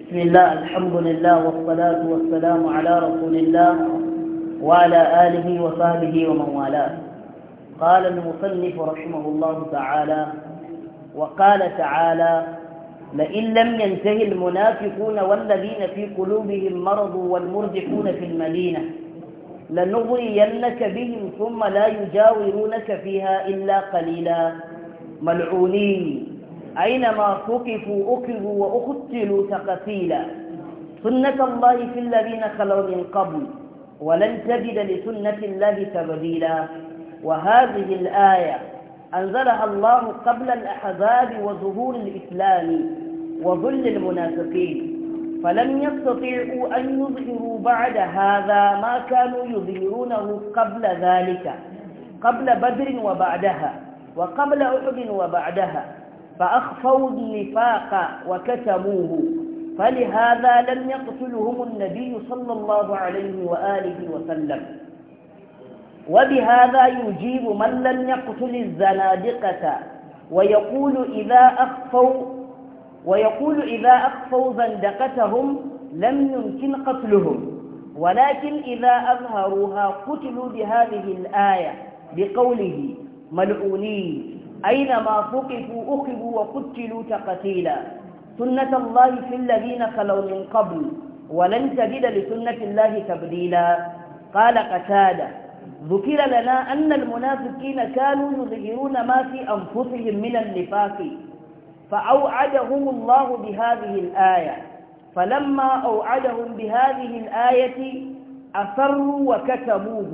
بسم الله الحمد لله والصلاة والسلام على رسول الله وعلى آله وصحبه ومن والاه قال المصنف رحمه الله تعالى وقال تعالى لئن لم ينتهي المنافقون والذين في قلوبهم مرض والمرجحون في المدينة لنغرينك بهم ثم لا يجاورونك فيها إلا قليلا ملعونين أينما ثقفوا أكلوا وأقتلوا تقتيلا سنة الله في الذين خلوا من قبل ولن تجد لسنة الله تبديلا وهذه الآية أنزلها الله قبل الأحزاب وظهور الإسلام وظل المنافقين فلم يستطيعوا أن يظهروا بعد هذا ما كانوا يظهرونه قبل ذلك قبل بدر وبعدها وقبل أحد وبعدها فأخفوا النفاق وكتموه فلهذا لم يقتلهم النبي صلى الله عليه وآله وسلم وبهذا يجيب من لم يقتل الزنادقة ويقول إذا أخفوا ويقول إذا أخفوا زندقتهم لم يمكن قتلهم ولكن إذا أظهروها قتلوا بهذه الآية بقوله ملعونين أينما ثقفوا أخذوا وقتلوا تقتيلا سنة الله في الذين خلوا من قبل ولن تجد لسنة الله تبديلا قال قتادة ذكر لنا أن المنافقين كانوا يظهرون ما في أنفسهم من النفاق فأوعدهم الله بهذه الآية فلما أوعدهم بهذه الآية أسروا وكتموه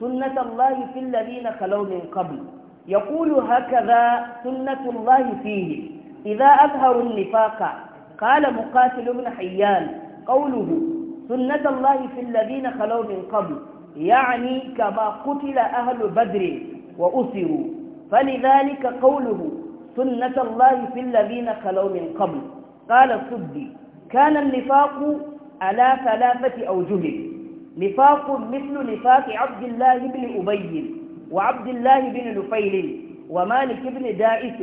سنة الله في الذين خلوا من قبل يقول هكذا سنة الله فيه إذا أظهروا النفاق قال مقاتل بن حيان قوله سنة الله في الذين خلوا من قبل يعني كما قتل أهل بدر وأسروا فلذلك قوله سنة الله في الذين خلوا من قبل قال السدي كان النفاق على ثلاثة أوجه نفاق مثل نفاق عبد الله بن أبي وعبد الله بن نفيل ومالك بن دائس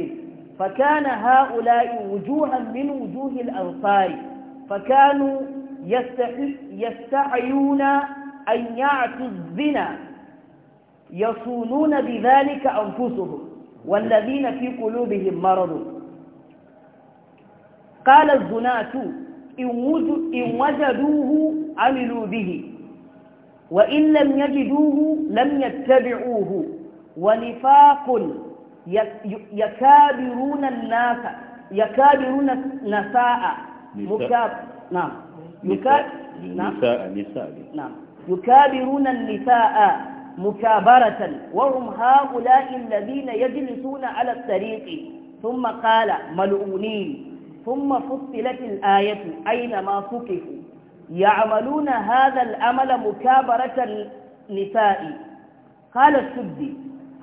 فكان هؤلاء وجوها من وجوه الأنصار فكانوا يستعيون أن يعتوا الزنا يصونون بذلك أنفسهم والذين في قلوبهم مرض قال الزناة إن وجدوه عملوا به وإن لم يجدوه لم يتبعوه ونفاق يكابرون الناس يكابرون النساء مكاب نعم. نعم نساء نساء نعم يكابرون النساء مكابرة وهم هؤلاء الذين يجلسون على الطريق ثم قال ملعونين ثم فصلت الآية أينما فكفوا يعملون هذا العمل مكابرة النساء قال السدي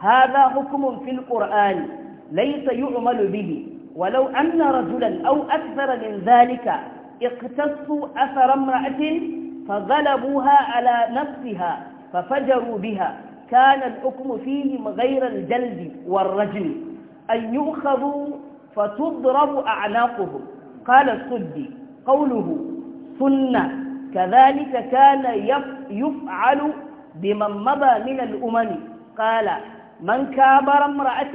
هذا حكم في القرآن ليس يعمل به ولو أن رجلا أو أكثر من ذلك اقتصوا أثر امرأة فغلبوها على نفسها ففجروا بها كان الحكم فيهم غير الجلد والرجل أن يؤخذوا فتضرب أعناقهم قال السدي قوله سنة كذلك كان يفعل بمن مضى من الأمم قال من كابر امرأة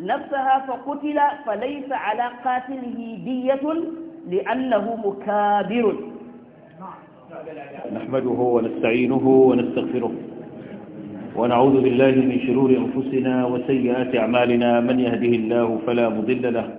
نفسها فقتل فليس على قاتله دية لأنه مكابر نحمده ونستعينه ونستغفره ونعوذ بالله من شرور أنفسنا وسيئات أعمالنا من يهده الله فلا مضل له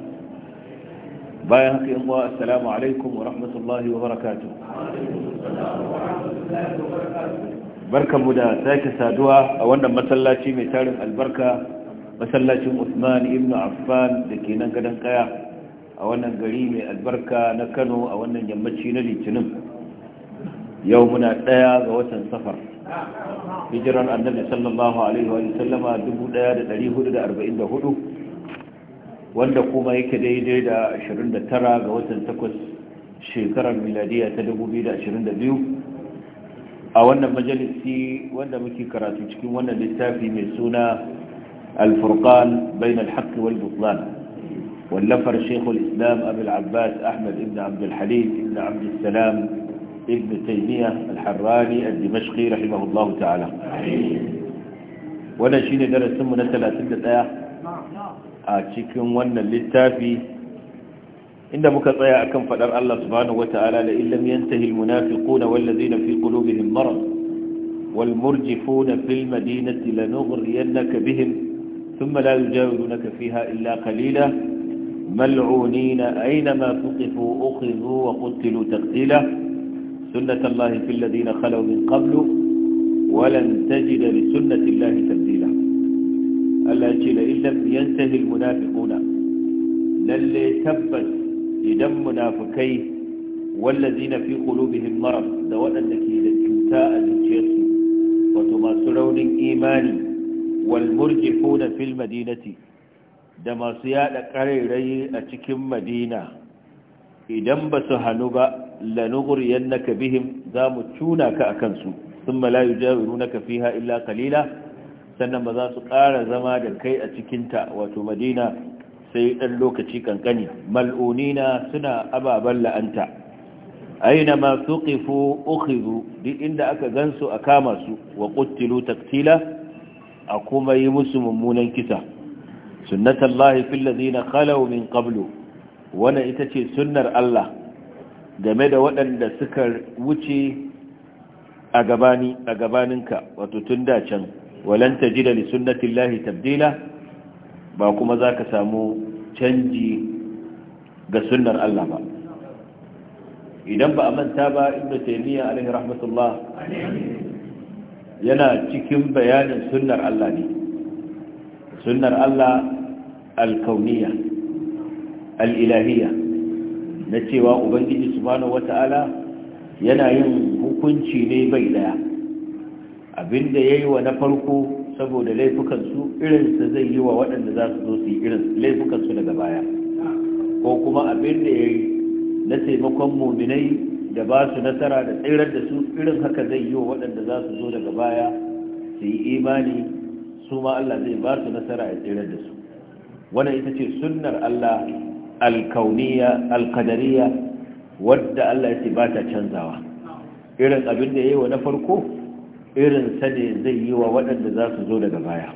bayan haka yin wa assalamu alaikum wa rahmatullahi wa barakatu barkanmu da sake saduwa a wannan masallaci mai tarin albarka masallacin usman ibn affan da ke nan gadon kaya a wannan gari mai albarka na kano a wannan yammaci na litinin yau muna ɗaya ga watan safar hijiran annabi sallallahu alaihi wa sallama 1444 wanda kuma yake daidai da 29 ga watan 8 shekarar miladiya ta 2022 a wannan majalisi wanda muke karatu cikin wannan littafi mai suna alfurqan bainal alhaq wal butlan wallafar shekul islam abul abbas ahmad ibn abd al-halim ibn abd al salam ibn taymiya harrani al-dimashqi rahimahullahu ta'ala wannan shine darasin mu na 31 a cikin wannan littafi inda muka tsaya akan fadar Allah subhanahu wata'ala la illam yantahi almunafiquna wallazina fi qulubihim marad والمرجفون في المدينة لنغرينك بهم ثم لا يجاورونك فيها إلا قليلا ملعونين أينما تقفوا أخذوا وقتلوا تقتيلا سنة الله في الذين خلوا من قبل ولن تجد لسنة الله تبديلا Allah ce la illam yantahi almunafiquna lalle tabbas idan munafikai wallazina fi qulubihim marad da waɗanda ke da cuta a zuciyarsu wato masu raunin imani wal murjihuna fil madinati da masu yada karairayi a cikin madina idan ba su hannu ba lanughriyannaka bihim za mu cuna ka akan su thumma la yujawirunaka fiha illa qalila sannan ba za su ƙara zama da kai a cikinta wato madina sai ɗan lokaci kankani mal'unina suna ababen la'anta aina ma suqifu ukhizu duk inda aka gansu a kama su wa qutilu taktila a kuma yi musu mummunan kisa sunnatallahi fil ladina khalaw min qablu wannan ita ce sunnar Allah game da waɗanda suka wuce a gabani a gabaninka wato tun da can walan tajida li sunnatillahi tabdila ba kuma za ka samu canji ga sunnar Allah ba idan ba a manta ba ibnu taymiya alaihi rahmatullah yana cikin bayanin sunnar Allah ne sunnar Allah alkauniya al'ilahiyya na cewa ubangiji subhanahu wata'ala yana yin hukunci ne bai ɗaya. abinda ya yi wa na farko saboda laifukansu irinsa zai yi wa waɗanda za su zo su yi irin laifukansu daga baya ko kuma abinda ya yi na taimakon muminai da ba su nasara da tsirar da su irin haka zai yi wa waɗanda za su zo daga baya su yi imani su ma Allah zai ba su nasara ya tsirar da su wannan ita ce sunnar Allah alkauniya alkadariya wadda Allah ya ce ba ta canzawa irin abin da ya yi wa na farko irin sa zai yi wa waɗanda za su zo daga baya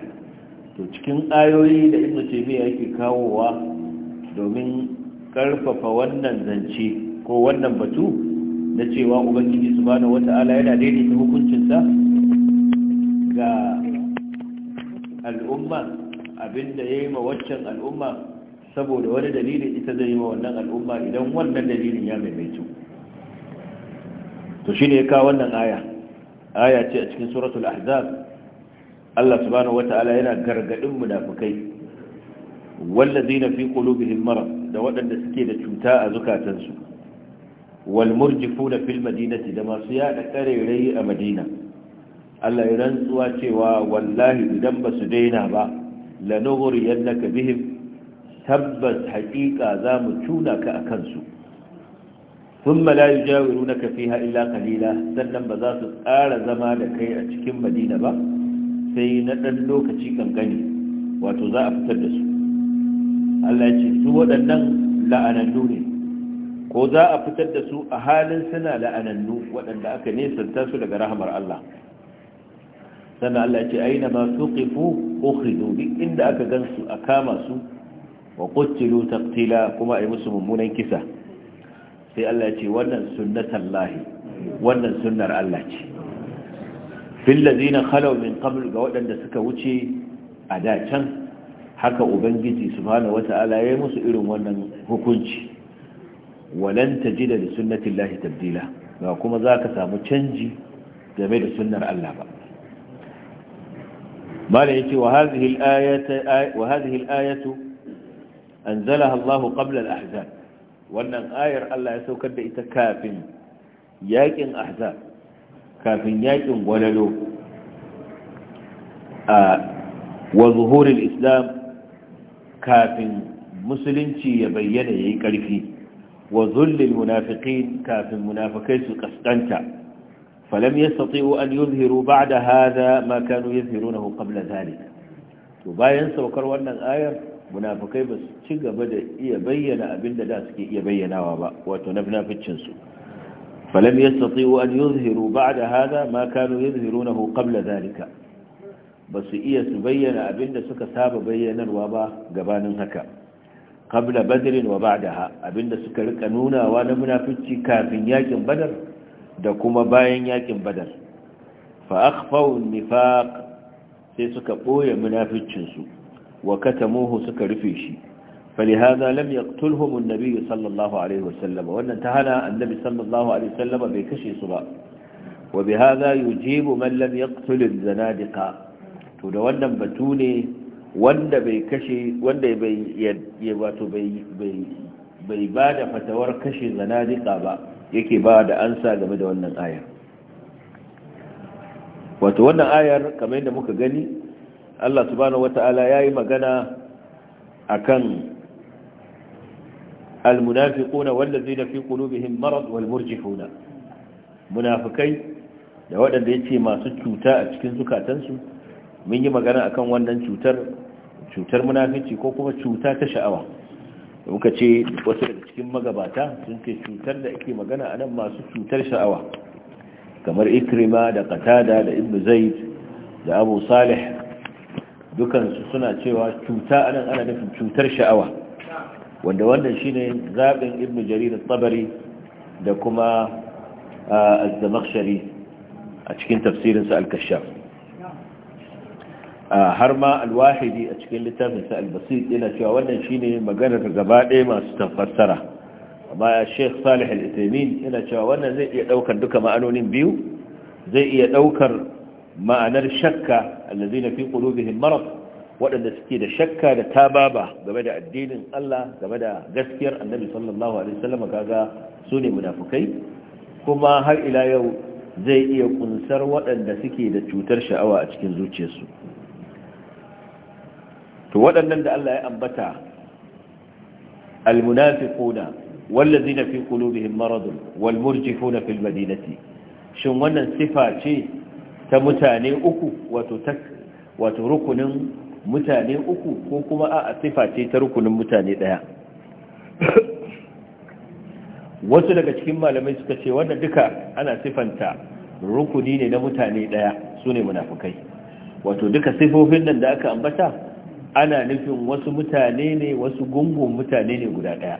to cikin ayoyi da ibnu taymiya yake kawowa domin ƙarfafa wannan zance ko wannan batu na cewa ubangiji subhanahu wata'ala yana daidaita hukuncinsa ga al'umma abinda ya yi ma waccan al'umma saboda wani dalilin ita zai yi ma wannan al'umma idan wannan dalilin ya maimaitu to shi ne ya kawo wannan aya aya ce a cikin suratul ahzab Allah subhanahu wata'ala yana gargadin munafikai wallazina fi qulubihim marad da waɗanda suke da cuta a zukatansu wal murjifuna fil madinati da masu yada karerai a madina Allah ya rantsuwa cewa wallahi idan ba su daina ba lanughri yannaka bihim tabbas haqiqa za mu tuna ka akan su ثم لا يجاورونك فيها إلا sannan baza su قال zama da kai a cikin Madina ba sai na dan lokaci kankani wato za a fitar da su Allah ya ce su ne ko za a fitar da su a halin suna la'anannu waɗanda aka nesanta su daga rahamar Allah sannan Allah ya ce aina ma suqifu ukhridu duk inda aka gansu a kama su wa qutilu taqtila kuma a yi musu mummunan kisa sai Allah ce wannan sunnatan lahi wannan sunnar Allah ce Filla ladina khalaw min qabl ga waɗanda suka wuce a da can haka ubangiji subhanahu wata'ala ya yi musu irin wannan hukunci walan tajida li sunnati llahi tabdila ba kuma zaka samu canji game da sunnar Allah ba ماذا يأتي وهذه الآية, وهذه الآية أنزلها الله قبل الأحزاب wannan ayar Allah ya saukar da ita kafin yakin ahza, kafin yakin gwalalo a wa islam kafin musulunci ya bayyana yayi karfi wa zullil munafiqin kafin munafikai su ƙasƙanta falam yastati'u an yuzhiru ba'da hadha ma kanu yuzhirunahu qabla zalika to bayan saukar wannan ayar munafukai ba su ci gaba da iya bayyana abinda da suke iya bayyanawa ba wato nafificin su falam yastati'u an yuzhiru ba'da hada ma kanu yuzhirunahu qabla dhalika ba su iya su bayyana abinda suka saba bayyanarwa ba gabanin haka kabla badirin wa ba'daha abinda suka rika nunawa na munafici kafin yakin badar da kuma bayan yakin badar fa akhfaw nifaq sai suka boye munaficinsu wa suka rufe shi Wannan ta hana النبي صلى الله عليه وسلم وأن انتهنا النبي صلى الله عليه وسلم بكشي wanda bai kashe wanda bai wato bai ba da fatawar kashe zanadika ba yake ba da ansa game da wannan ayar wato wannan ayar kamar yadda muka gani Allah subhanahu wata'ala yi magana akan almunafiquna wallazina fi qulubihim marad walmurjifuna munafikai da waɗanda yace masu cuta a cikin zukatansu mun yi magana akan wannan cutar cutar munafici ko kuma cuta ta sha'awa muka ce wasu daga cikin magabata sun ce cutar da ake magana a nan masu cutar sha'awa kamar ikrima da qatada da ibnu zaid da abu salih dukansu suna cewa cuta anan ana nufin cutar sha'awa wanda wannan shine zaɓin ibn jarir tabari da kuma az-zamakhshari a cikin tafsirinsa al har ma al a cikin littafinsa al-basit yana cewa wannan shine maganar gaba ɗaya masu tafassara amma sheikh salih al-ithamin yana cewa wannan zai iya ɗaukar duka ma'anonin biyu zai iya ɗaukar. ma'anar shakka allazina fi qulubihim waɗanda suke da shakka da tababa game da addinin Allah game da gaskiyar annabi sallallahu alaihi wasallam kaga su ne munafukai kuma har ila yau zai iya kunsar waɗanda suke da cutar sha'awa a cikin zuciyarsu to waɗannan da Allah ya ambata almunafiquna wallazina fi qulubihim maradun walmurjifuna fil madinati shin wannan sifa ce ta mutane uku wato wato rukunin mutane uku ko kuma a sifa ce ta rukunin mutane daya wasu daga cikin malamai suka ce wannan duka ana sifanta rukuni ne na mutane daya su ne munafukai wato duka sifofin nan da aka ambata ana nufin wasu mutane ne wasu gungun mutane ne guda daya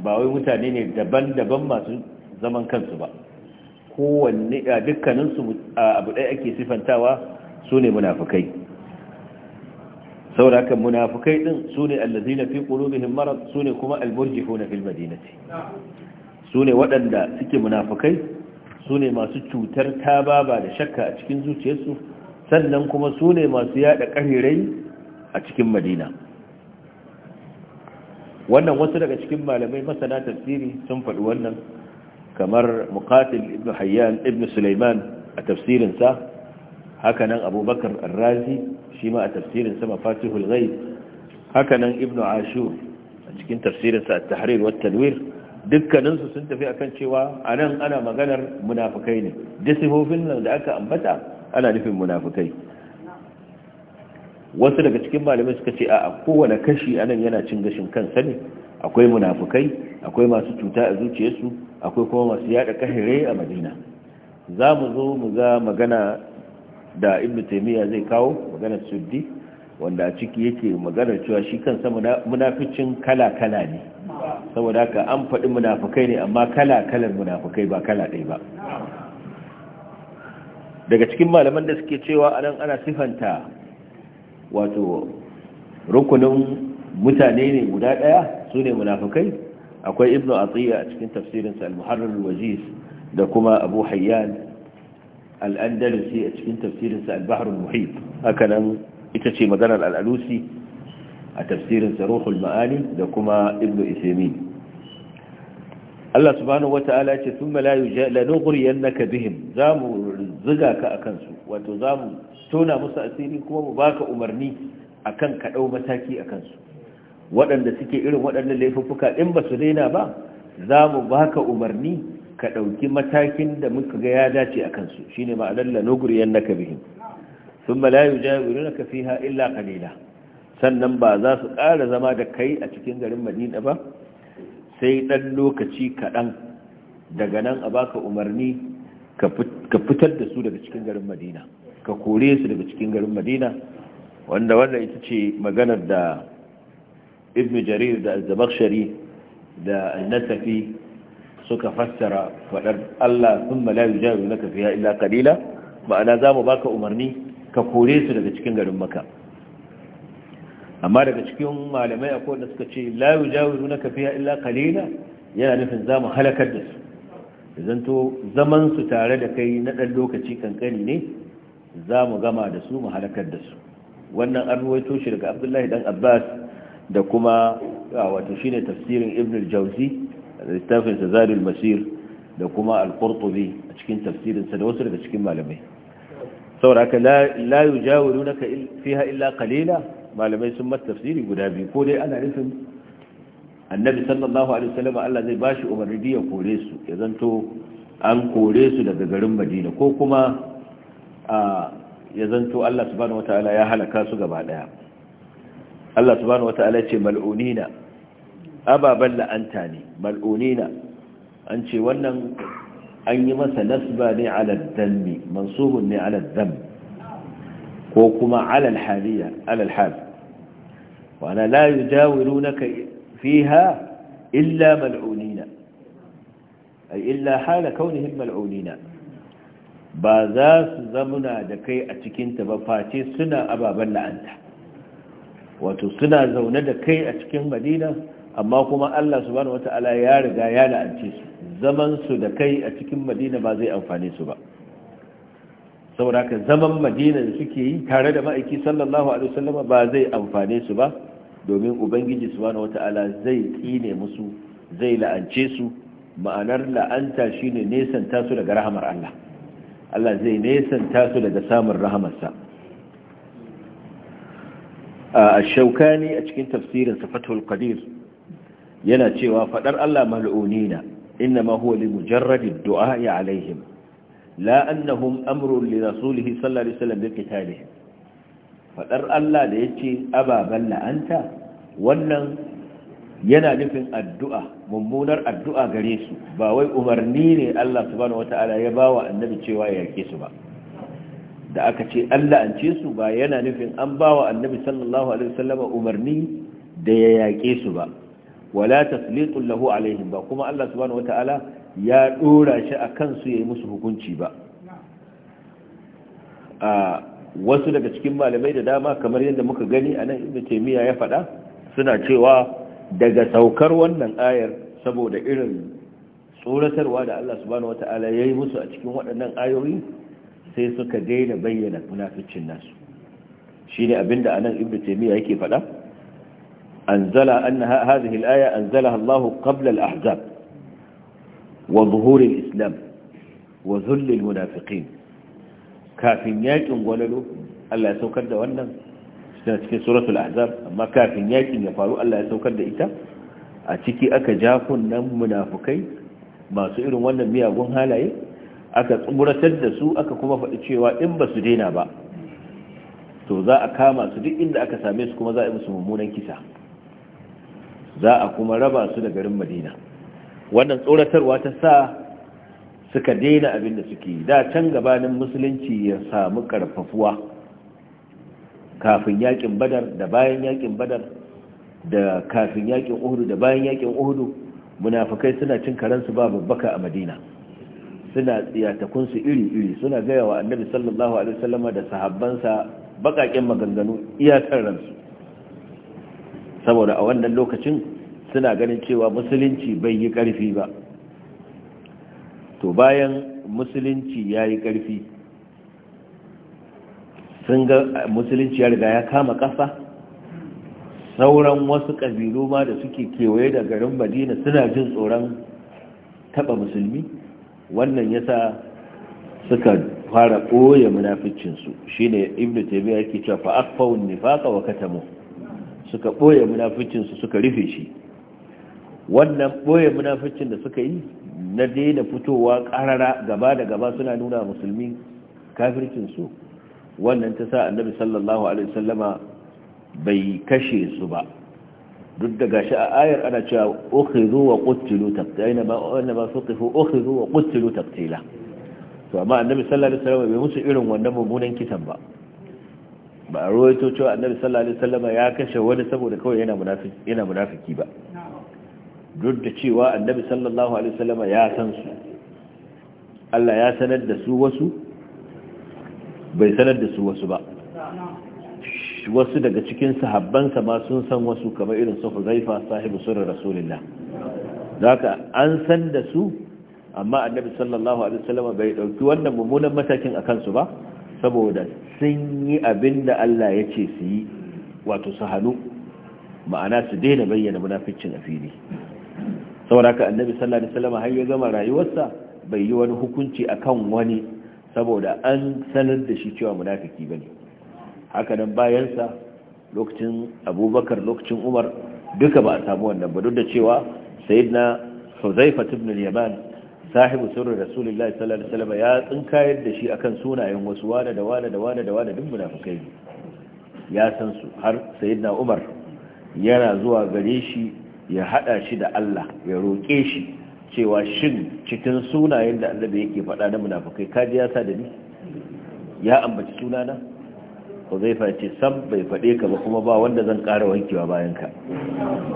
ba wai mutane ne daban-daban masu zaman kansu ba kowanne dukkaninsu abu ɗaya ake sifantawa su ne munafukai da kan munafukai ɗin su ne na fi qulubihim Mara su ne kuma ko na fil madinati su ne waɗanda suke munafukai su ne masu cutar tababa da shakka a cikin zuciyarsu sannan kuma su ne masu yada ƙarirai a cikin madina wannan wasu daga cikin malamai masana tafsiri sun faɗi wannan kamar mukatil ibn hayyan ibn sulaiman a tafsirinsa hakanan abubakar arrazi shi ma a tafsirinsa mafatihul ghaib hakanan ibn ashur a cikin tafsirinsa at-tahrir wa tanwir dukkaninsu sun tafi akan cewa anan ana maganar munafukai ne disifofin nan da aka ambata ana nufin munafukai wasu daga cikin malamai suka ce a kowane kashi anan yana cin gashin kansa ne akwai munafukai akwai masu cuta a zuciyarsu akwai kuma masu yada kahire a madina za mu zo mu ga magana da ibn taimiyya zai kawo magana suddi wanda a ciki yake magana cewa shi kansa munaficin kala-kala ne saboda haka an faɗi munafukai ne amma kala-kalan munafukai ba kala ɗaya ba daga cikin malaman da suke cewa anan ana sifanta wato rukunin mutane ne guda ɗaya su ne akwai ibnu atiya a cikin tafsirinsa al-muharrar wajiz da kuma abu hayyan alandalusi a cikin tafsirinsa al bahar al haka nan ita ce maganar alalusi a tafsirinsa ruhul ma'ani da kuma ibnu isimi. Allah subhanahu ta'ala ce thumma la yujlanughriyannaka bihim zamu ziga ka a kansu wato zamu tona musu asiri kuma mu baka umarni akan ka dau mataki a kansu. waɗanda suke irin waɗannan laifuffuka ɗin ba su daina ba za mu baka umarni ka ɗauki matakin da muka ga ya dace a kansu shi ne ma'anar lanoguriyan na kabihin sun malayu jawiru na kafiha illa kalila sannan ba za su ƙara zama da kai a cikin garin madina ba sai ɗan lokaci kaɗan daga nan a baka umarni ka fitar da su daga cikin garin madina ka kore su daga cikin garin madina wanda wannan ita ce maganar da ibn jarir da az-zabakhshari da nasafi suka fassara faɗar Allah sun la yujawiru laka fiha illa kalila ma'ana zamu baka umarni ka kore su daga cikin garin maka amma daga cikin malamai akwai wanda suka ce la yujawiru laka fiha illa kalila yana nufin mu halakar da su zanto zaman su tare da kai na ɗan lokaci kankani ne mu gama da su mu halakar da su wannan an ruwaito shi daga Abdullahi dan Abbas da kuma wato shine tafsirin ibn al-jawzi littafin zadul masir da kuma al-qurtubi a cikin tafsirin sa da wasu daga cikin malamai saboda haka la yujawirunaka fiha illa qalila malamai sun mata tafsiri guda biyu ko dai ana nufin annabi sallallahu alaihi wasallam Allah zai bashi umarni ya kore su ya zanto an kore su daga garin Madina ko kuma ya zanto Allah subhanahu wataala ya halaka su gaba daya Allah subhanahu wata'ala ce mal'unina ababan la'anta ne mal'unina an ce wannan an yi masa nasba ne ala dhanbi mansubun ne ala dhanb ko kuma ala alhaliya ala alhal wa ana la yujawirunaka fiha illa mal'unina ay illa hala kaunihim mal'unina ba za su zamuna da kai a cikinta ba face suna ababan la'anta wato suna zaune da kai a cikin madina amma kuma Allah subhanahu ta'ala ya riga ya la'ance su zaman su da kai a cikin madina ba zai amfane su ba saboda ka zaman madina da suke yi tare da ma'aiki sallallahu alaihi wasallam ba zai amfane su ba domin ubangiji subhanahu ta'ala zai tsine musu zai la'ance su ma'anar la'anta shine nesanta su daga rahamar Allah Allah zai nesanta su daga samun rahamarsa a shaukani a cikin tafsirin safatul qadir yana cewa fadar Allah mal'unina inma huwa li du'a du'a'i alaihim la annahum amrun li rasulihi sallallahu alaihi wasallam bi qitalihim fadar Allah da yace ababan la'anta wannan yana nufin addu'a mummunar addu'a gare su ba wai umarni ne Allah subhanahu wataala ya bawa annabi cewa ya yake su ba da aka ce Allah an la'ance su ba yana nufin an ba wa annabi sallallahu alaihi wasallama umarni da ya yaƙe su ba wala taslitun lahu alaihim ba kuma Allah subhanahu wata'ala ya dora shi a kansu yayi musu hukunci ba a wasu daga cikin malamai da dama kamar yadda muka gani a nan ibnu taymiya ya faɗa suna cewa daga saukar wannan ayar saboda irin tsoratarwa da Allah subhanahu wata'ala yayi musu a cikin waɗannan ayoyi sai suka daina bayyana munaficin nasu shine abinda anan ibnu taymiya yake faɗa anzala anna hadhihi al-aya anzalaha Allah qabla al-ahzab wa zuhur islam wa zullin al kafin yakin gwalalo Allah ya saukar da wannan suna cikin suratul ahzab amma kafin yakin ya faru Allah ya saukar da ita a ciki aka ja kunnan munafukai masu irin wannan miyagun halaye aka tsuburatar da su aka kuma faɗi cewa in ba su daina ba to za a kama su duk inda aka same su kuma za a yi musu mummunan kisa za a kuma raba su da garin madina wannan tsoratarwa ta sa suka daina abin da suke da can gabanin musulunci ya samu karfafuwa kafin yakin badar da bayan yakin badar da kafin yakin uhudu da bayan yakin uhudu Munafukai suna cin karansu ba babbaka a madina suna tsiyatakunsu iri-iri suna gaya wa annabi sallallahu alaihi wasallam da sahabbansa bakaƙen maganganu iyakar ransu saboda a wannan lokacin suna ganin cewa musulunci bai yi ƙarfi ba to bayan musulunci ya yi ƙarfi sun ga musulunci ya riga ya kama ƙasa sauran wasu ƙabilu ma da suke kewaye da garin madina suna jin tsoron taɓa musulmi wannan yasa suka fara ɓoye munaficinsu shine ibnu taymiya yake cewa fa akfaw nifaqa wa katamu suka ɓoye munaficinsu suka rufe shi wannan ɓoye munaficin da suka yi na daina fitowa ƙarara gaba da gaba suna nuna musulmi kafircinsu wannan ta sa annabi sallallahu alaihi wasallama bai kashe su ba duk da gashi a ayar ana cewa ukhizu wa qutilu taqtila ba wanda ba su qifu ukhizu wa qutilu taqtila to amma annabi sallallahu alaihi wasallam bai musu irin wannan mummunan kisan ba ba a rawaito cewa annabi sallallahu alaihi wasallam ya kashe wani saboda kawai yana munafiki yana munafiki ba duk da cewa annabi sallallahu alaihi wasallam ya san su Allah ya sanar da su wasu bai sanar da su wasu ba wasu daga cikin sahabbansa ma sun san wasu kamar irin su huzaifa sahibu sirrin rasulullah zaka an san da su amma annabi sallallahu alaihi wasallam bai dauki wannan mummunan matakin akan su ba saboda sun yi abinda Allah ya ce su yi wato su hannu ma'ana su daina bayyana munaficcin a fili saboda haka annabi sallallahu alaihi wasallam har ya gama rayuwarsa bai yi wani hukunci akan wani saboda an sanar da shi cewa munafiki bane haka nan bayansa lokacin abubakar lokacin umar duka ba a samu wannan ba duk da cewa sayyidina huzaifa ibn al-yaman sahibu sirri rasulullahi sallallahu alaihi wasallam ya tsinkayar da shi akan sunayen wasu wada da wada da wada da wada duk munafikai ya san su har sayyidina umar yana zuwa gare shi ya hada shi da Allah ya roke shi cewa shin cikin sunayen da allah yake faɗa na munafikai kaji ya sa da ni ya ambaci sunana zai ce sam bai faɗe ka ba kuma ba wanda zan ƙara wankewa bayan ka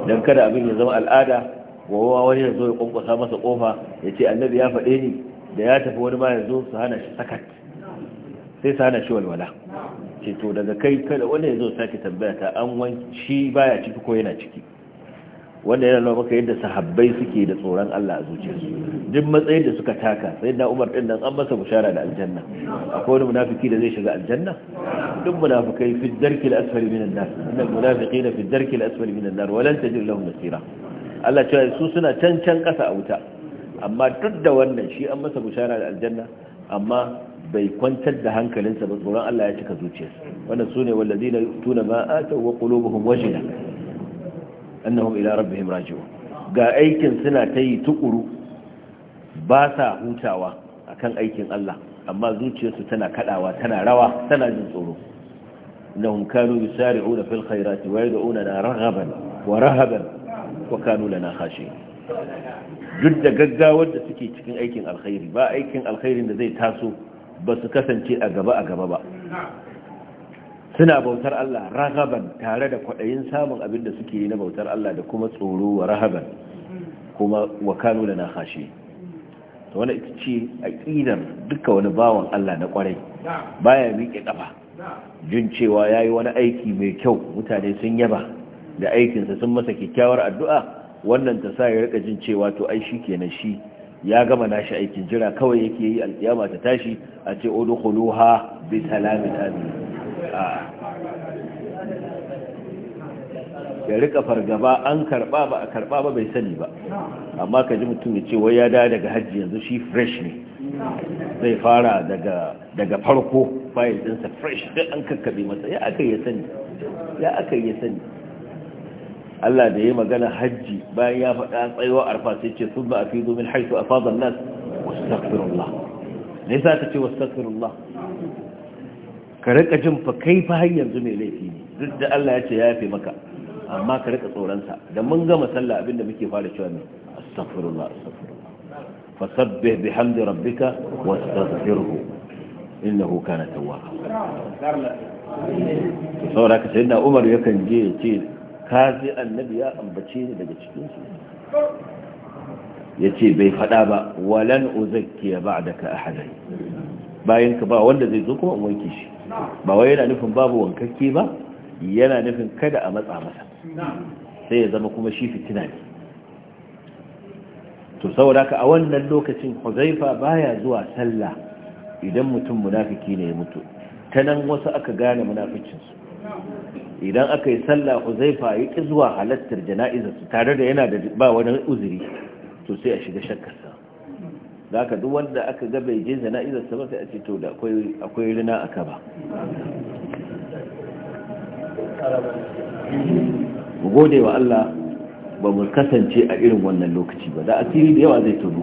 don kada abin ya zama al'ada wawa wani yazo ya kwankwasa masa kofa ya ce annabi ya faɗe ni da ya tafi wani ma ya su hana shi sakat sai su hana shi walwala ce to daga kai kada wani ya zo sake tambaya ta an shi baya ciki ko yana ciki wanda yana nuna maka yadda sahabbai suke da tsoron Allah a zuciyarsu duk matsayin da suka taka sai da Umar din nan an masa bushara da aljanna akwai wani munafiki da zai shiga aljanna duk munafikai fi darki al-asfali min an-nar innal munafiqina fi darki al-asfali min an-nar walan tajid lahum nasira Allah cewa su suna can can kasa a wuta amma duk da wannan shi an masa bushara da aljanna amma bai kwantar da hankalinsa ba tsoron Allah ya cika zuciyarsa wannan sune wallazina tuna ma atu wa qulubuhum wajila annahum ila rabbihim raji'un ga aikin suna ta yi tukuru ba sa hutawa akan aikin Allah amma zuciyarsu tana kadawa tana rawa tana jin tsoro innahum kanu yusari'una fil khairati wa yad'una raghaban wa rahaban wa kanu lana duk da gaggawar da suke cikin aikin alkhairi ba aikin alkhairin da zai taso ba su kasance a gaba a gaba ba suna bautar Allah rahaban tare da kwaɗayin samun abin da suke yi na bautar Allah da kuma tsoro wa rahaban kuma wa kano da na hashe ta wani ita ce ƙidar duka wani bawan Allah na ƙwarai baya miƙe ƙafa jin cewa ya yi wani aiki mai kyau mutane sun yaba da aikinsa sun masa kyakkyawar addu'a wannan ta sa ya rika jin cewa to ai shi kenan shi ya gama nashi aikin jira kawai yake yi alƙiyama ta tashi a ce odu khuluha bi salamin amin Ah. ya rika fargaba an karba ba a karba ba bai sani ba amma ka ji mutum ya ce wai ya dawo daga hajji yanzu shi fresh ne zai fara daga farko fayil dinsa fresh duk an kakkabe masa ya aka ya sani ya aka ya sani Allah da ya magana hajji bayan ya faɗa tsayawa arfa sai ce sun ba a fi domin haifu a fadar nas wasu takfirullah ne ta ce wasu takfirullah ka rika jin fa kai fa har yanzu mai laifi ne duk da Allah ya ce ya yafe maka amma ka rika tsoronsa da mun gama sallah abinda muke fara cewa ne astaghfirullah astaghfirullah fasabbih bihamdi rabbika wastaghfirhu innahu kana tawwaba to saboda ka sayyidina Umar yakan je ya ce ka ji annabi ya ambace ni daga cikin su yace bai fada ba walan uzakkiya ba'daka ahadan bayan ka ba wanda zai zo kuma in wanke shi ba wai yana nufin babu wankakke ba yana nufin kada a matsa masa sai ya zama kuma shi fitina ne to saboda ka a wannan lokacin huzaifa baya zuwa sallah idan mutum munafiki ne ya mutu ta nan wasu aka gane munaficinsu idan aka yi sallah huzaifa ya ƙi zuwa halattar jana'izarsu tare da yana da ba wani uzuri to sai a shiga shakkarsa da aka duk wanda aka ga bai je jana'izar sa ba sai a ce da akwai rina a kaba gode wa Allah ba mu kasance a irin wannan lokaci ba da asiri da yawa zai tudu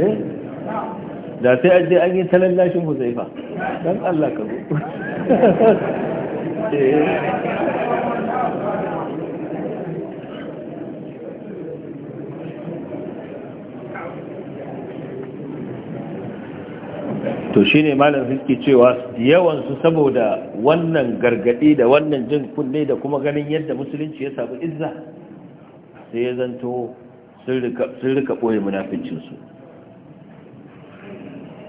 eh? da sai an an yi talar lashin huzaifa don Allah ka zo eh. to shi ne malam suke cewa yawansu saboda wannan gargadi da wannan jin kunne da kuma ganin yadda musulunci ya samu izza sai ya zanto sun rika ɓoye munafincinsu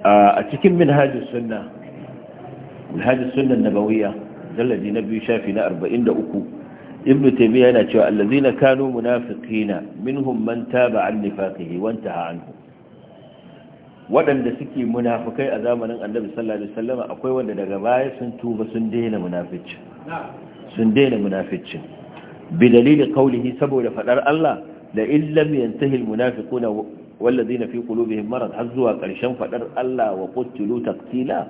a cikin minhajin sunna minhajin sunna nabawiya na biyu shafi na 43 ibn taymiya yana cewa allazina kanu munafiqina minhum man taba an nifaqihi Wanta antaha waɗanda suke munafukai a zamanin annabi sallallahu alaihi wasallam akwai wanda daga baya sun tuba sun daina munafici sun daina munafici bi dalili qawlihi saboda fadar Allah la illam yantahi almunafiquna walladhina fi qulubihim marad har zuwa ƙarshen fadar Allah wa qutilu taqtila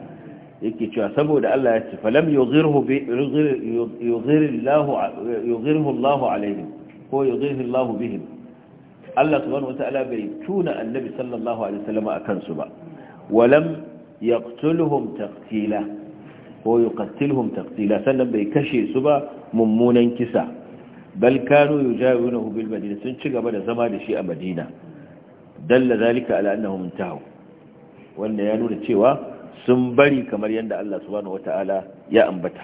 yake cewa saboda Allah ya ce falam yughirhu bi yughir yughir Allah yughirhu Allah alaihim ko yughirhu Allah bihim Allah subhanahu wata'ala bai tuna annabi sallallahu alaihi wasallam akan su ba walam yaqtuluhum taqtila ko yuqtiluhum taqtila sannan bai kashe su ba mummunan kisa bal kanu yujawiruhu bil madina sun ci gaba da zama da shi a madina dalla zalika ala annahum intahu wanda ya nuna cewa sun bari kamar yadda Allah subhanahu wata'ala ya ambata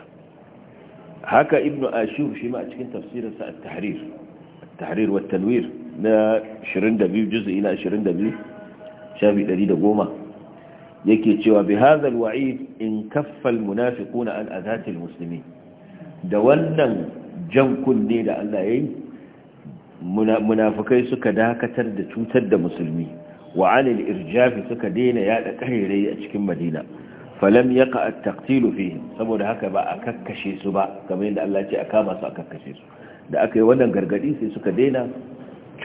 haka ibnu ashur shi ma a cikin tafsirinsa at-tahrir at-tahrir wat-tanwir na 22 juz'i na 22 shafi 110 yake cewa bi hadha alwa'id in kaffa almunafiquna an adati almuslimin da wannan jan kunne da Allah yayi munafikai suka dakatar da cutar da musulmi wa anil irjafi suka daina yada karerai a cikin madina falam yaqa at-taqtil fihim saboda haka ba a kakkashe su ba kamar yadda Allah ya ce a kama su a kakkashe su da aka yi wannan gargadi sai suka daina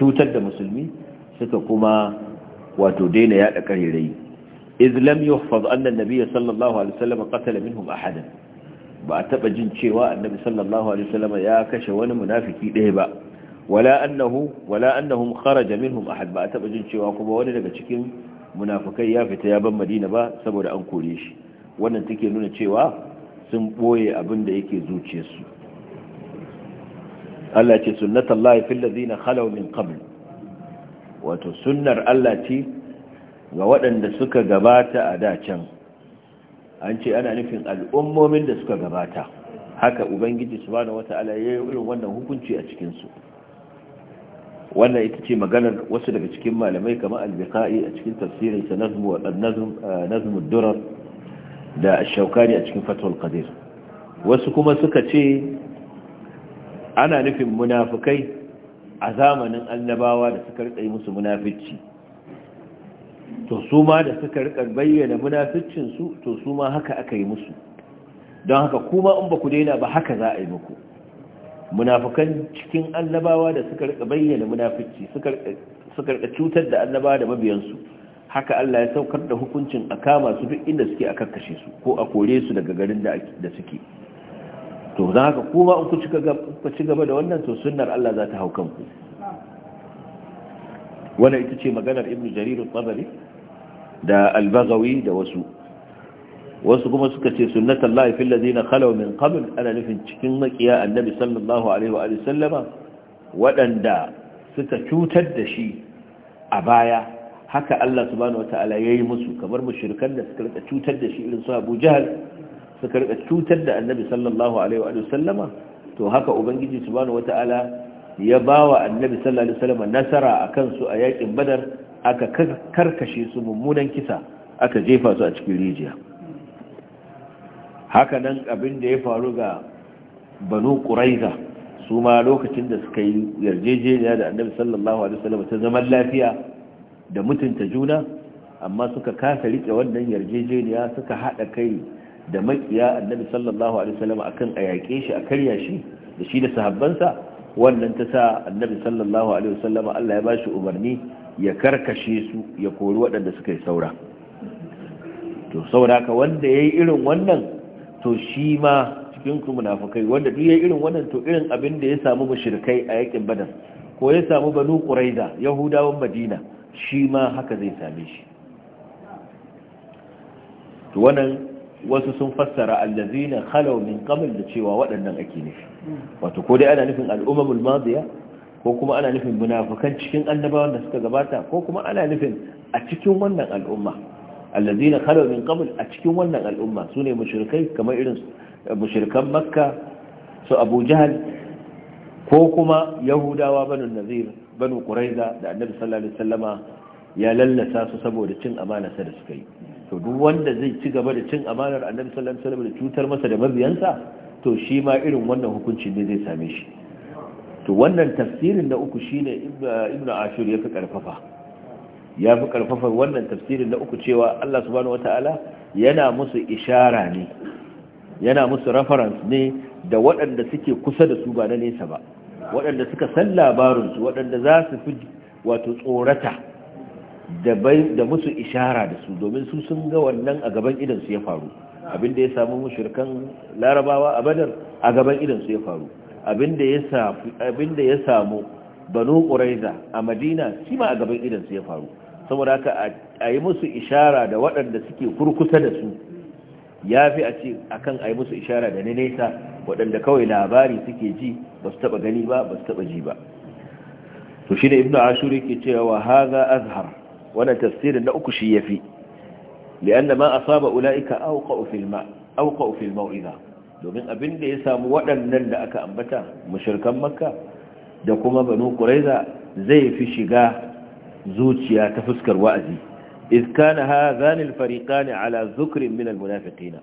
cutar da musulmi suka kuma wato daina yada karerai iz lam yuhfaz anna an sallallahu alaihi wasallam qatala minhum ahadan ba a taba jin cewa annabi sallallahu alaihi wasallam ya kashe wani munafiki ɗaya ba wala annahu wala annahum kharaja minhum ahad ba a taba jin cewa kuma wani daga cikin munafikai ya fita ya ban madina ba saboda an kore shi wannan take nuna cewa sun boye abin da yake zuciyarsu Allah ce sunnatullahi fil ladina khalaw min kabin wato sunnar Allah ce ga waɗanda suka gabata a da can an ce ana nufin al'ummomin da suka gabata haka ubangiji subhanahu wata'ala yayi irin wannan hukunci a cikinsu wannan ita ce maganar wasu daga cikin malamai kamar albikai a cikin tafsirin sa eh, durar da ash a cikin fathul qadir wasu kuma suka ce ana nufin munafukai a zamanin annabawa da suka rika musu munafici to su ma da suka rika bayyana munaficinsu to su ma haka aka yi musu don haka kuma in ba ku daina ba haka za a yi muku munafukan cikin annabawa da suka rika bayyana munafici suka rika cutar da annabawa da mabiyansu haka Allah ya saukar da hukuncin a kama su duk inda suke a kakkashe su ko a kore su daga garin da suke to za haka kuma in ku ci gaba da wannan to sunnar Allah za ta hau kanku Wani ita ce maganar ibn jarir tabari da albagawi da wasu wasu kuma suka ce sunnatan lahi fil ladina Khalau min qabl ana nufin cikin makiya annabi sallallahu alaihi wa sallama waɗanda suka cutar da shi a baya haka Allah subhanahu ya yayi musu kamar mushrikan da suka cutar da shi irin su Abu Jahl suka rika cutar da annabi sallallahu alaihi wa sallama to haka ubangiji subhanahu wata'ala ya bawa annabi sallallahu alaihi nasara akan su a yakin badar aka karkashe su mummunan kisa aka jefa su a cikin rijiya haka nan abin da ya faru ga banu quraiza su ma lokacin da suka yi yarjejeniya da annabi sallallahu alaihi ta zaman lafiya da mutunta juna amma suka kasa rike wannan yarjejeniya suka hada kai da makiya annabi sallallahu alaihi wasallam akan a yaƙe shi a karya shi da shi da sahabbansa wannan ta sa annabi sallallahu alaihi wasallam Allah ya bashi umarni ya karkashe su ya kori waɗanda suka yi saura to ka wanda yayi irin wannan to shi ma cikin ku munafikai wanda duk yayi irin wannan to irin abin da ya samu mushrikai a yakin badar ko ya samu banu quraiza yahudawan madina shi ma haka zai same shi to wannan wasu sun fassara allazina khalaw min qabl da cewa waɗannan ake nufi wato ko dai ana nufin al'ummul madiya ko kuma ana nufin munafikan cikin annabawan da suka gabata ko kuma ana nufin a cikin wannan al'umma allazina khalaw min qabl a cikin wannan al'umma sune mushrikai kamar irin eh, mushrikan makka su abu jahal ko kuma yahudawa banu nazir banu quraiza da annabi sallallahu alaihi wasallama ya lallasa su saboda cin amana da suka yi to duk wanda zai ci gaba da cin amanar annabi sallallahu alaihi wasallam da cutar masa da mabiyansa to shi ma irin wannan hukunci ne zai same shi to wannan tafsirin na uku shine ibn ashur ya fi karfafa ya fi karfafa wannan tafsirin na uku cewa Allah subhanahu wataala yana musu ishara ne yana musu reference ne da waɗanda suke kusa da su ba na nesa ba waɗanda suka san labarinsu waɗanda za su fi wato tsorata da musu ishara da su domin su sun ga wannan a gaban idansu ya faru abin da ya samu mushirkan larabawa a badar a gaban idansu ya faru abin da ya samu banu ƙuraiza a madina shi ma a gaban idansu ya faru saboda haka a yi musu ishara da waɗanda suke kurkusa da su ya fi a ce akan a yi musu ishara da na nesa waɗanda kawai labari suke ji ba su taɓa gani ba ba su taɓa ji ba to shi ne ibn ashuri ke cewa haza azhar wannan tafsirin na uku shi yafi li'anna ma asaba ulaika awqa'u fil ma awqa'u fil mau'iza domin abin da ya samu waɗannan da aka ambata mushrikan makka da kuma banu quraiza zai fi shiga zuciya ta fuskar wa'azi iz kana hadhanil fariqan ala dhukrin min al munafiqina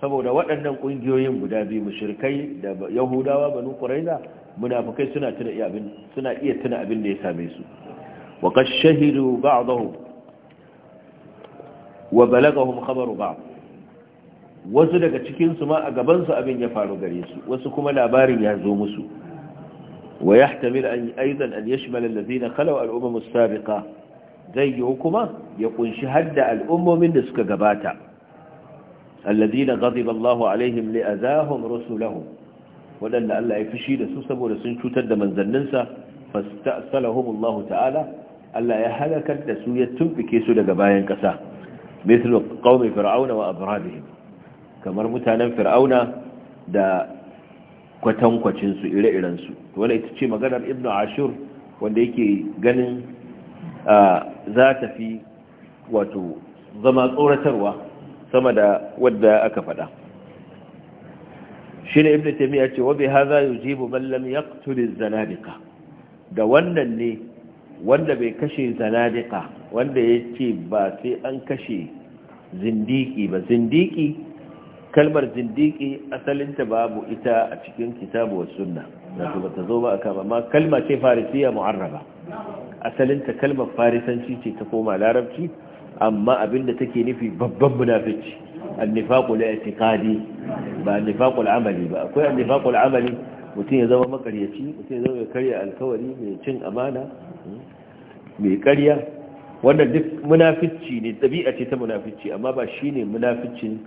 saboda waɗannan ƙungiyoyin guda biyu mushrikai da yahudawa banu quraiza munafikai suna tuna iya abin suna iya tuna abin da ya same su وقد شهدوا بعضهم وبلغهم خبر بعض wasu daga cikinsu ma a gabansu abin ya faru gare su wasu kuma labarin ya zo musu wa ya tamil an aizan an ya shimala na kalau al'umma musabiqa zai yi hukuma ya kunshi hadda al'ummomin da suka gabata allazina ghadiba Allahu alaihim a azahum rasulahu. waɗanda Allah ya fushi da su saboda sun cutar da manzanninsa fastasalahum Allah ta'ala Allah ya halakar da su ya tumfike su daga bayan ƙasa mithlu qaumi fir'auna wa abradihim kamar mutanen fir'auna da kwatankwacin su ire-iren su wala ita ce maganar ibnu ashur wanda yake ganin za ta fi wato zama tsoratarwa sama da wadda aka faɗa shi ne ibn taymiya ce wa bi hadha yujibu man lam yaqtul zanadika da wannan ne wanda bai kashe zanadika wanda ya ce ba sai an kashe zindiki ba zindiki kalmar zindiki asalinta babu ita a cikin kitabu wa sunna wato su bata zo ba kama, amma kalma ce farisiya mu'arraba asalinta kalmar farisanci ce ta koma larabci amma abinda take nufi babban munafici annifaqul i'tiqadi ba annifaqul amali ba akwai annifaqul amali mutum ya zama makaryaci mutum ya zama ya karya alkawari mai cin amana mai karya wannan duk munafici ne ɗabi'a ce ta munafici amma ba shi ne munaficin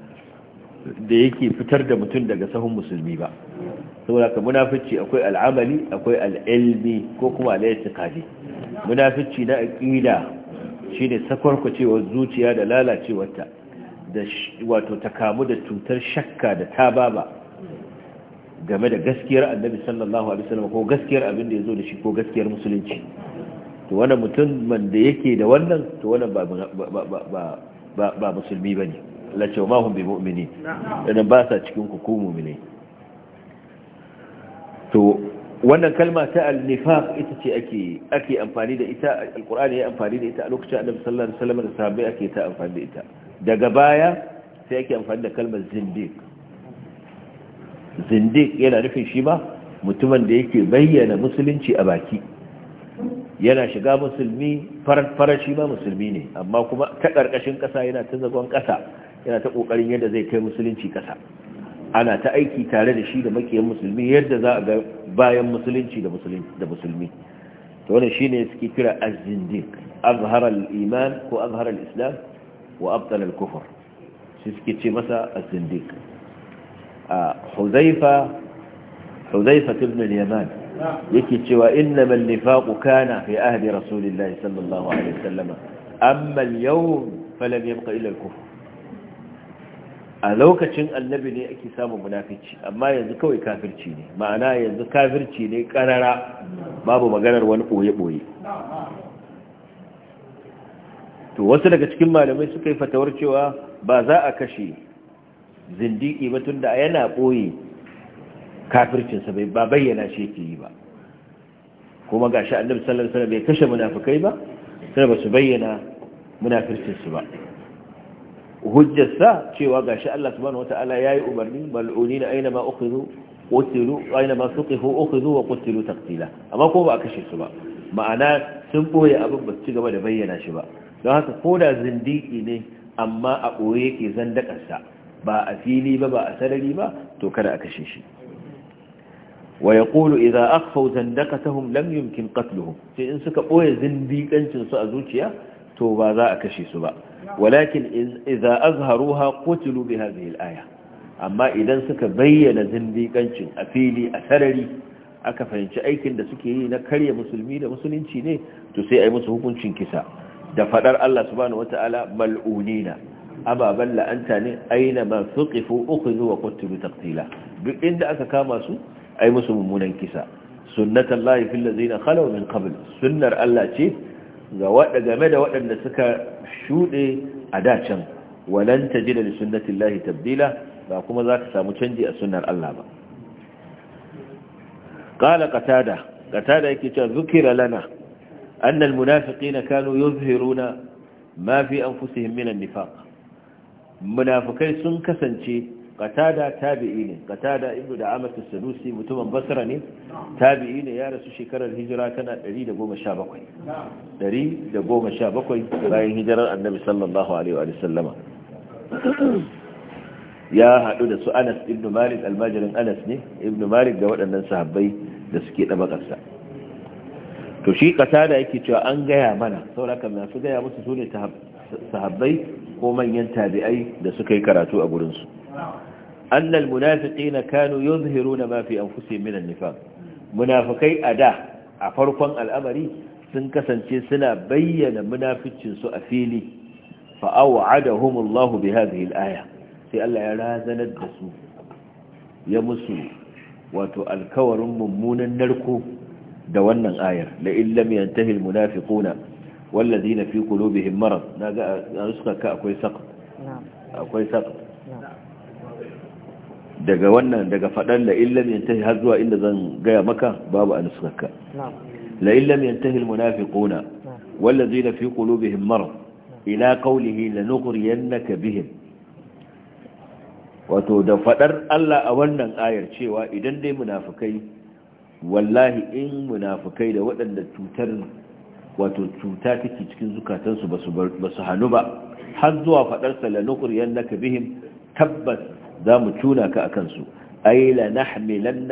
da yake fitar da mutum daga sahun musulmi ba saboda ka munafici akwai al'amali akwai al'ilmi ko kuma kaji munafici na aqida shine cewa zuciya da lalacewarta da wato kamu da cutar shakka da tababa game da gaskiyar annabi sallallahu alaihi wasallam ko gaskiyar abin da yazo da shi ko gaskiyar musulunci to wani mutum da yake da wannan to wannan ba musulmi ba ne lace ma mahun bi mu'mini ɗanin ba sa cikin ku mu'mini to wannan kalma ta al-nifaq ita ce ake amfani da ita alqur'ani ya amfani da ita a lokacin annabi sallallahu alaihi wasallam da sahabbai ake ta amfani da ita daga baya sai ake amfani da kalmar zindiq zindiq yana nufin shi ba mutumin da yake bayyana musulunci a baki yana shiga musulmi farashi ma musulmi ne amma kuma ta ƙarƙashin ƙasa yana ta zagon ƙasa yana ta ƙoƙarin yadda zai kai musulunci ƙasa ana ta aiki tare da shi da makiyan musulmi yadda za a ga bayan musulunci da musulmi to shi ne suke kira az-zindiq azhara iman ko azhara al-islam wa abtala al-kufr shi suke ce masa az a ah, huzaifa huzaifa ibn yaman yake cewa innamal nifaqu kana fi ahdi rasulillahi sallallahu alaihi wasallam amma al-yawm falam yabqa illa al-kufr a lokacin annabi ne ake samun munafici amma yanzu kawai kafirci ne ma'ana yanzu kafirci ne karara babu maganar wani boye-boye to wasu daga cikin malamai suka yi fatawar cewa ba za a kashe zindiki ba tunda yana boye kafircinsa bai ba bayyana shi yake yi ba kuma ga annabi sallallahu alaihi wasallam bai kashe munafikai ba sai ba su bayyana munafircinsu ba hujjarsa cewa gashi Allah subhanahu wataala yi umarni mal'unina aina ma ukhizu qutilu aina ma suqifu ukhizu wa kutilu taqtila amma ko ba a kashe su ba ma'ana sun boye abin ba ci gaba da bayyana shi ba don haka da zindiki ne amma a boye yake zandakarsa ba a fili ba ba a sarari ba to kada a kashe shi ويقول إذا أخفوا زندقتهم لم يمكن قتلهم إن سكبوا زنديقا سنسوا أزوجيا توبا ذا أكشي سبا ولكن إذا أظهروها قتلوا بهذه الآية أما إذا a زنديقا أفيلي أثرري aka fahimci aikin da suke yi na karya musulmi da musulunci ne to sai a yi musu hukuncin kisa da faɗar Allah subhanahu wata'ala mal'unina ababan la'anta ne aina ma suqifu ukhidhu wa qutilu duk inda aka kama su ai musu mummunan kisa sunnatan lahi fil ladzina khalaw min qabl sunnar Allah ce ga wadda game da waɗanda suka shude a dacan walan tajida li sunnati llahi tabdila ba kuma za ka samu canji a sunnar Allah ba qala qatada qatada yake cewa zukira lana anna al munafiqina kanu yuzhiruna ma fi anfusihim min an-nifaq munafikai sun kasance Ƙatada tabi'i ne qatada ibnu da amatu sadusi mutumin basra ne tabi'i ne ya rasu shekarar hijira tana 117 117 bayan hijirar annabi sallallahu alaihi wa sallama ya hadu da su Anas Ibnu Malik almajirin Anas ne Ibnu Malik da waɗannan sahabbai da suke dabakarsa to shi ƙatada yake cewa an gaya mana sauraka masu gaya musu sune sahabbai ko manyan tabi'ai da suka yi karatu a gurinsu. su annal munafiqina kanu yuzhiruna ma fi mafi min an-nifaq munafikai ada a farkon al'amari sun kasance suna bayyana munaficin su a fili fa aw'adahum Allah bi hadhihi al-aya sai Allah ya razanar da su ya musu wato alkawarin mummunan narko da wannan ayar la illam yantahi al-munafiquna والذين في قلوبهم مرض نجا نسخه akwai saqat akwai saqat daga wannan daga faɗan la illam tahi har zuwa inda zan gaya maka babu a nusukarka la illam wanda zai na fi bihin mara ina qulubihim marad ila qawlihi ka bihin wato da faɗar Allah a wannan ayar cewa idan dai munafikai wallahi in munafikai da waɗanda cutar wato cuta take cikin zukatansu ba su hannu ba har zuwa faɗarsa ka bihin tabbas za mu cuna ka a kansu ai na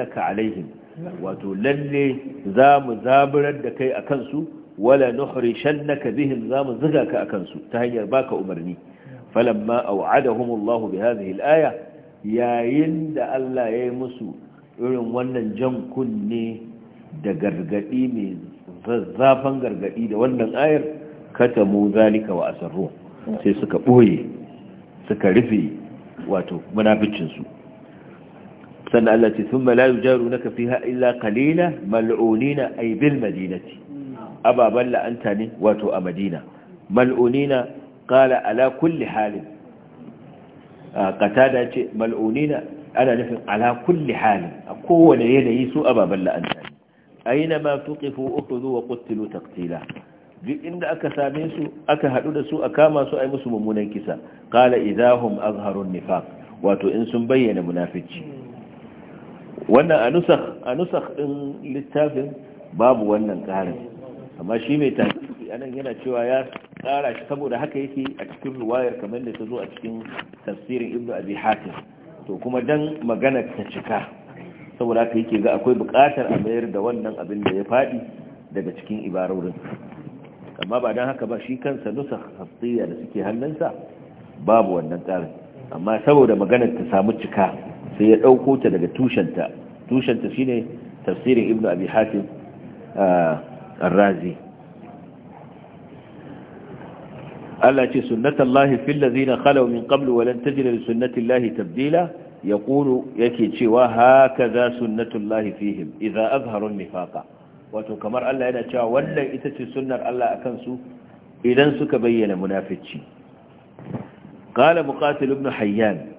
ka alaihim wato lalle za mu zaburar da kai a kansu wala ka bihin za mu ziga ka a kansu ta hanyar baka umarni falamma au'adahum Allah bi hadhihi al yayin da Allah ya yi musu irin wannan jan kunne da gargadi mai zazzafan gargadi da wannan ayar katamu zalika wa asarru sai suka boye suka rufe wato munaficinsu sannan Allah ce sun malayu jaru na kafi illa kalila mal'unina a bil madinati ababen la'anta ne wato a madina mal'unina kala ala kulli halin katada ce mal'unina ana nufin ala kulli halin a kowane yanayi su ababen la'anta ne aina ma tuƙifu uku zuwa ƙuttulu taktila duk inda aka same su aka haɗu da su a kama su a yi musu mummunan kisa kala idahum azharun nifaq wato in sun bayyana munafici wannan anusakh anusakh din littafin babu wannan ƙarin amma shi mai tafi anan yana cewa ya ƙara shi saboda haka yake a cikin ruwayar kamar da ta zo a cikin tafsirin ibnu abi hatim to kuma dan magana ta cika saboda haka yake ga akwai buƙatar a mayar da wannan abin da ya faɗi daga cikin ibarorin amma ba don haka ba shi kansa nusa hafsiyya da suke hannunsa babu wannan tsarin amma saboda maganar ta samu cika sai ya ɗauko ta daga tushenta tushenta ne tafsirin ibnu abi hatim ah, ar-razi Allah ce sunnatullahi fil zina khalaw min qablu wa lan tajida li sunnatillahi tabdila yaqulu yake cewa haka hakaza sunnatullahi fihim idza azharun nifaka wato kamar Allah yana cewa wannan ita ce sunnar Allah akan su idan suka bayyana munafici qala muqatil ibn hayyan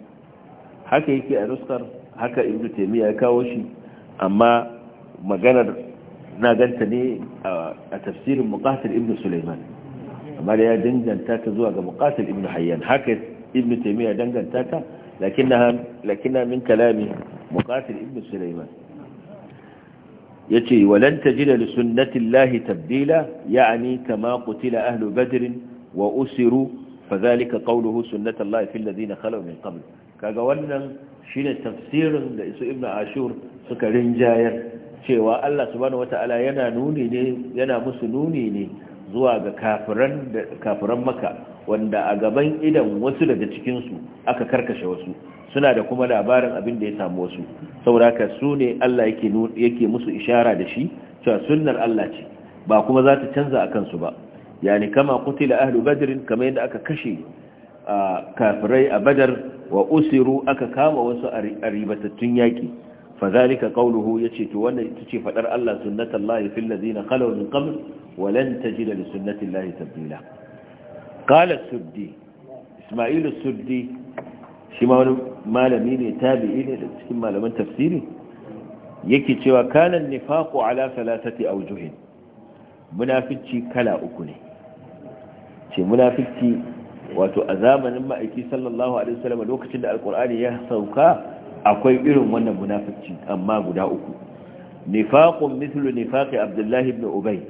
haka yake a ruskar haka ibn taymiya ya kawo shi amma maganar na ganta ne a tafsirin muqatil ibn sulaiman amma da ya danganta ta zuwa ga muqatil ibn hayyan haka ibn taymiya danganta ta lakinna min kalami muqatil ibn sulaiman Ya yace walan tajida li sunnatillahi tabdila ya'ni kama qutila ahlu badr wa usiru fadhalika qawluhu sunnatullahi fil ladina khalaw min qabl kaga wannan shine tafsirin da isu ibnu ashur suka rinjayar cewa Allah subhanahu wata'ala yana nuni ne yana musu nuni ne zuwa ga kafiran maka wanda a gaban idan wasu daga cikinsu aka karkashe wasu suna da kuma labarin abin da ya samu wasu sauraka su ne Allah yake musu ishara da shi cewa sunnar Allah ce ba kuma za ta canza a kansu ba yani kama kutila ahlu badrin kamar yadda aka kashe kafirai a badar wa usiru aka kama wasu a ribatattun yaƙi فذلك wannan يتشيت ce فدر allah سنة الله في الذين خلوا من قبل ولن تجد لسنة الله تبديلا qala suddi isma'il suddi shi ma wani malami ne tabi'i ne da cikin malaman tafsiri yake cewa kana nifaqu ala thalathati awjuhin munafici kala uku ne ce munafici wato a zamanin ma'aiki sallallahu alaihi wasallam lokacin da alqur'ani ya sauka akwai irin wannan munafici amma guda uku nifaqun mithlu nifaqi abdullahi ibn ubay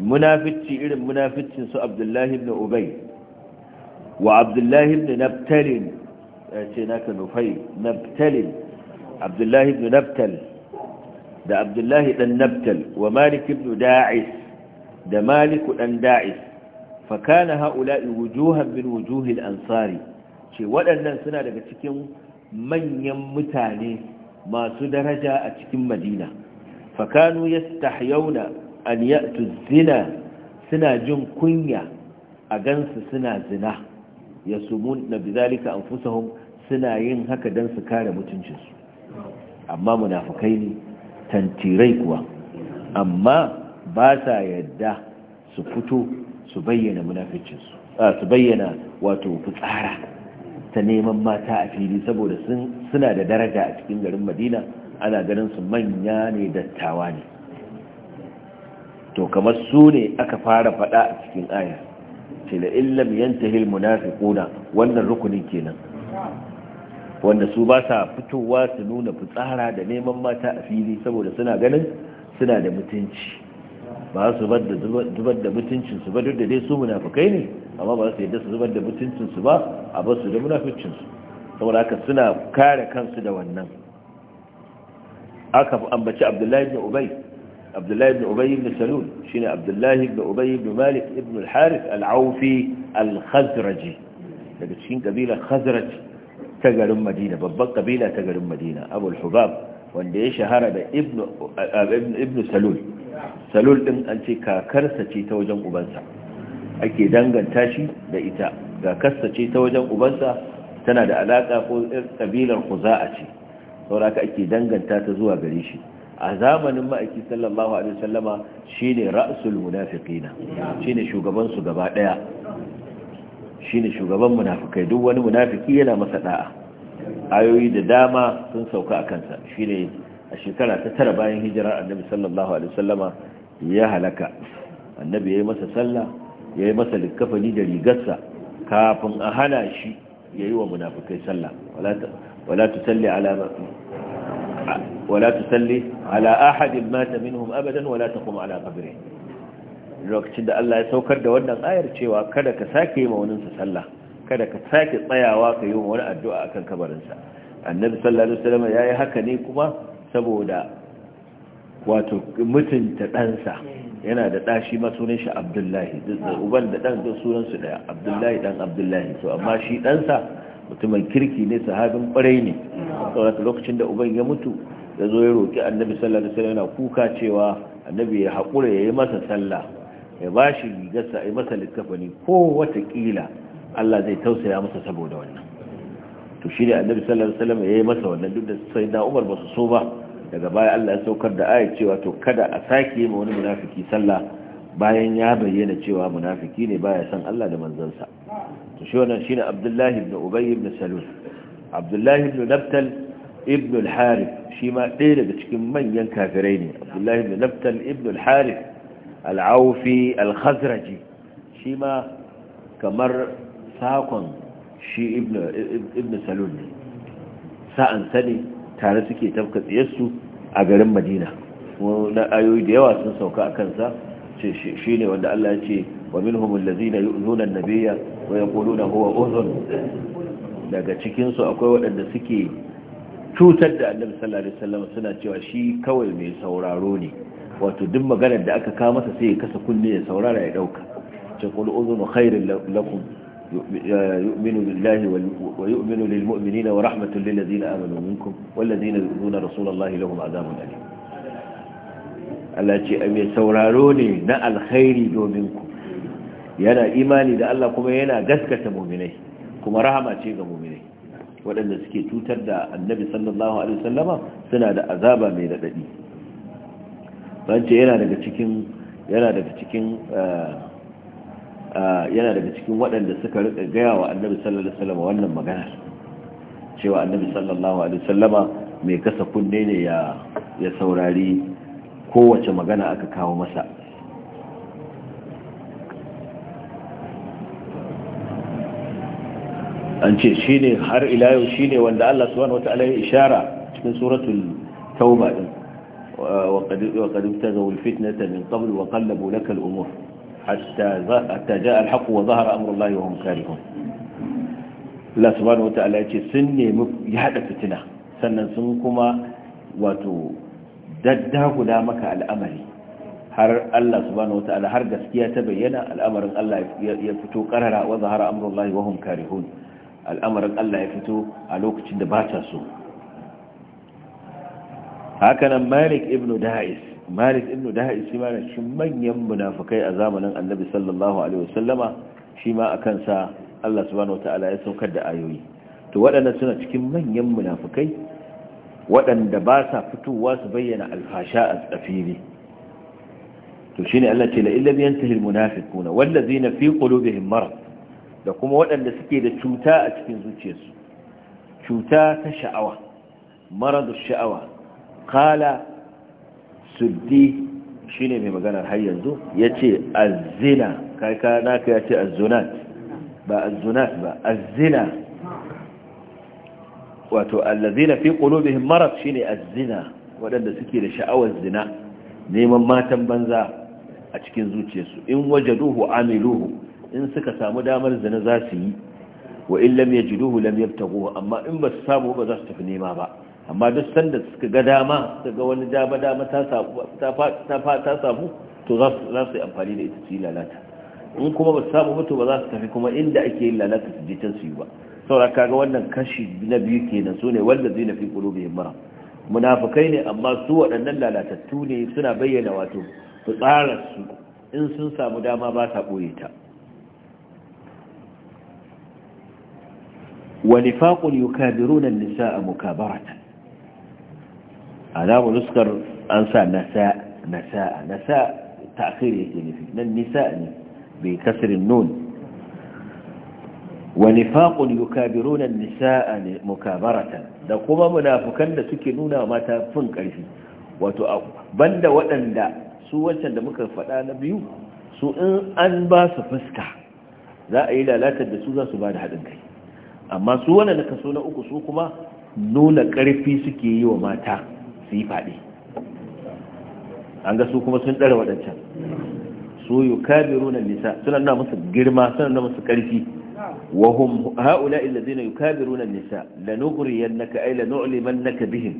munafici irin munaficin su abdullahi ibn ubay wa abdullahi ibn nabtalin ya ce naka nufai nabtalin abdullahi ibn nabtal da abdullahi dan nabtal wa malik ibn da'is da malik dan da'is fa kana haula'i wujuhan min wujuhil ansari ce waɗannan suna daga cikin manyan mutane masu daraja a cikin madina fakanu yastahyawna an ya'tu zina suna jin kunya a gansu suna zina na bizalika fusahun suna yin haka don su kare mutuncinsu amma munafukai ne tantirai kuwa amma ba sa yadda su fito su bayyana munaficinsu su bayyana wato fitsara ta neman mata a fili saboda suna da daraja a cikin garin madina ana ganin su manya ne dattawa ne to kamar su ne aka fara fada a cikin aya ce da illam yantahil munafiquna wannan rukunin kenan wanda su ba sa fitowa su nuna fitsara da neman mata a fili saboda suna ganin suna da mutunci ba su zubar da mutuncinsu ba duk da dai su munafukai ne amma ba su yadda su zubar da mutuncinsu ba a ba su da su saboda haka suna kare kansu da wannan aka ambaci abdullahi bin ubay abdullahi ibn ubayy ibn salul shine abdullahi ibn ubayy ibn malik ibn al-harith al-awfi al-khazraji daga cikin kabila khazraj ta garin madina babban kabila ta garin madina abul hubab wanda ya shahara da ibn salul salul din an ce kakarsa ce ta wajen ubansa ake danganta shi da ita kakarsa ce ta wajen ubansa tana da alaka ko kabilar khuza'a ce saboda ake danganta ta zuwa gare shi a zamanin ma'aiki sallallahu alaihi wasallama shine ra'sul munafiqina shine shugaban su gaba daya shine shugaban munafikai duk wani munafiki yana masa da'a ayoyi da dama sun sauka a sa shine a shekara ta tara bayan hijira annabi sallallahu alaihi wasallama ya halaka annabi yayi masa sallah yayi masa likafani da rigarsa kafin a hana shi yayi wa munafikai sallah wala wala tusalli ala ولا تسلي على أحد مات abadan أبدا ولا تقوم على قبره lokacin da Allah ya saukar da wannan ayar cewa kada ka sake yi mawaninsa sallah kada ka sake tsayawa ka yi wani addu'a akan kabarinsa annabi sallallahu alaihi wasallam yayi haka ne kuma saboda wato mutunta ɗansa yana da ɗashi ma sunan shi abdullahi uban da ɗan sunansu ɗaya abdullahi ɗan abdullahi to amma shi ɗansa mutumin kirki ne sahabin kwarai ne saboda lokacin da uban ya mutu ya zo ya roƙi annabi sallallahu da wasallam yana kuka cewa annabi ya haƙura ya yi masa sallah ya ba shi rigarsa yi masa littafani ko watakila Allah zai tausaya masa saboda wannan to shi ne annabi sallallahu da wasallam ya yi masa wannan duk da sai da Umar ba su so ba daga baya Allah ya saukar da ayat cewa to kada a sake ma wani munafiki sallah bayan ya bayyana cewa munafiki ne baya son Allah da manzansa to shi wannan shine abdullahi ibn ubay ibn salul abdullahi ibn nabtal ibn al-harith shi ma ɗaya daga cikin manyan kafirai ne abdullahi ibn nabtal ibn al-harith al-awfi al-khazraji shi ma kamar sakon shi ibn salul ne sa'an sani tare suke tafka tsiyarsu a garin madina na ayoyi da yawa sun sauka a kansa shi ne wanda allah ya ce wa min humun lazina yi uzunan nabiya wai kudu na huwa uzun daga cikinsu akwai waɗanda suke cutar da annabi sallallahu alaihi wasallam suna cewa shi kawai mai sauraro ne wato duk maganar da aka kawo masa sai ya kasa kunne ya saurara ya dauka ce qul uzunu khairin lakum yu'minu billahi wa yu'minu lil mu'minina wa rahmatun lil ladina amanu minkum wal ladina yu'minuna rasulullahi lahum azabun alim Allah ce mai sauraro ne na alkhairi domin ku yana imani da Allah kuma yana gaskata mu'minai kuma rahama ce ga mu'minai waɗanda suke cutar da annabi sallallahu alaihi wasallama suna da azaba mai radadi bance yana daga cikin yana daga cikin eh, eh, yana daga cikin waɗanda suka rika gaya wa annabi sallallahu alaihi wasallama wannan magana cewa annabi sallallahu alaihi wasallama mai kasa kunne ne ya ya saurari kowace magana aka kawo masa an ce shi ne har ila yau ne wanda Allah subhanahu wataala ya ishara cikin suratul tauba din وقد وقد min الفتنه wa قبل وقلبوا لك الامور حتى حتى جاء الحق وظهر امر الله وهم كارهون Allah subhanahu wata'ala ya ce sun nemi yada fitina sannan sun kuma wato daddaguda maka al'amari har Allah subhanahu wata'ala har gaskiya ta bayyana al'amarin Allah ya fito karara wa zahara amrullahi wa hum karihun al'amarin Allah ya fito a lokacin da ba ta so hakanan malik ibn da'is malik ibn da'is shi ma shi manyan munafikai a zamanin annabi sallallahu alaihi wasallama shi ma akan sa Allah subhanahu wataala ya saukar da ayoyi to waɗannan suna cikin manyan munafikai waɗanda ba sa fitowa su bayyana alfasha a tsafiri to shine Allah ce la illam yantahi almunafiquna wallazina fi qulubihim marad da kuma waɗanda suke da cuta a cikin zuciyarsu cuta ta sha'awa maradu sha'awa kala suddi shine mai maganar har yanzu ya ce azina kaika naka ya ce azunat ba azunat ba azina wato allazina fi qulubihim marad shine azina waɗanda suke da sha'awar zina neman matan banza a cikin zuciyarsu in wajaduhu amiluhu in suka samu damar zina za su yi wa in lam jiduhu lam yabtaghu amma in ba su samu ba za su tafi nema ba amma duk sanda suka ga dama su ga wani dama dama ta samu ta samu to za su yi amfani da ita su yi lalata in kuma ba su samu to ba za su tafi kuma inda ake yin lalata su je can su yi ba saura kaga wannan kashi na biyu kenan su ne wanda zai nafi kulube mara munafikai ne amma su waɗannan lalatattu ne suna bayyana wato su tsara su in sun samu dama ba sa ɓoye ta ونفاق يكابرون النساء مكابرة علام نسكر أنسى نساء نساء نساء تأخير يتنفي النساء بكسر النون ونفاق يكابرون النساء مكابرة da kuma munafukan da suke nuna mata fin ƙarfi wato banda waɗanda su wancan da muka faɗa na biyu su in an ba su fuska za a yi lalatar da su za su ba da haɗin kai amma su wanda na kaso na uku su kuma nuna karfi suke yi wa mata su yi faɗi an ga su kuma sun ɗara waɗancan su yi kabiru na nisa suna nuna musu girma suna nuna musu ƙarfi wahum ha'ula illazina yukabiru na nisa la nughriyannaka ay la naka bihim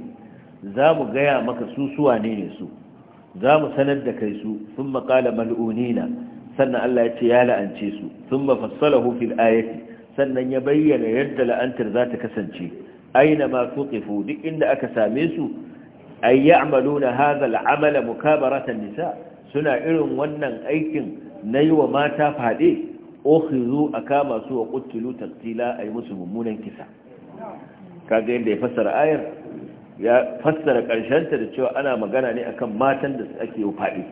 za mu gaya maka su su ne ne su za mu sanar da kai su sun maƙala mal'unina sannan Allah ya ce ya la'ance su sun mafassala hufin ayati sannan ya bayyana yadda la'antar za ta kasance aina ma tuqifu duk inda aka same su amalu na hadha al'amala mukabaratan nisa suna irin wannan aikin na wa mata fade a kama su wa qutilu a yi musu mummunan kisa kaga yadda ya fassara ayar ya fassara karshen ta da cewa ana magana ne akan matan da ake yi fade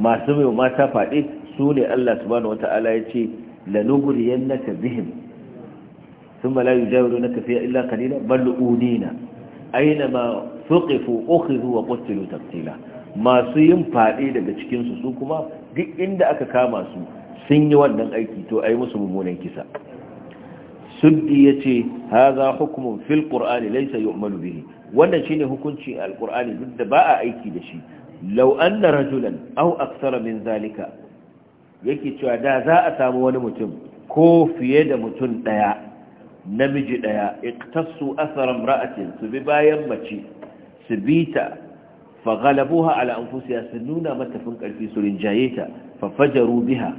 masu mai mata fade su ne Allah subhanahu wata'ala ya ce lanuhriyannaka bihim thumma la yujawirunaka fiha illa qalila bal udina ainama suqifu ukhidhu wa qutilu taqtila masu yin fadi daga cikin su su kuma duk inda aka kama su sun yi wannan aiki to ai musu mummunan kisa Suddiya ce, hadha hukmun filƙur'ani qur'ani laysa yu'malu shine hukunci alqur'ani duk da ba a aiki da shi law anna rajulan aw akthara min zalika yake cewa da za a samu wani mutum ko fiye da mutum ɗaya namiji ɗaya iktasu asaram ra'atin su bi bayan mace su bi ta faghalabuha ala anfusiya su nuna matafin ƙarfi su rinjaye ta fafajaru biha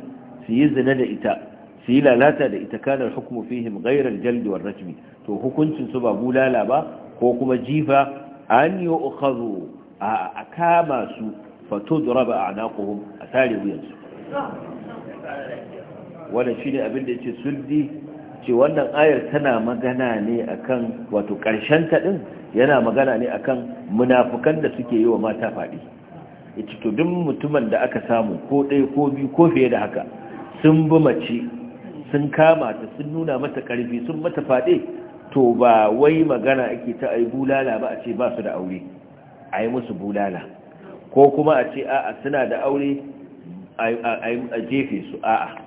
su yi zina da ita su yi lalata da ita kanar hukumu fihim gairar jaldi rajmi to hukuncin su ba bulala ba ko kuma jifa an yi ukhadhu a kama su fatudraba anaquhum a tare wuyansu wannan shi ne abinda ya ce suldi ce wannan ayar tana magana ne akan wato ƙarshen taɗin yana magana ne akan munafukan da suke yi wa mata faɗi ya to duk mutumin da aka samu ko ɗaya ko biyu ko fiye da haka sun bi mace sun kama ta sun nuna mata karfi sun mata faɗe to ba wai magana ake ta a bulala ba a ce ba su da aure a musu bulala ko kuma a ce a'a suna da aure a jefe su a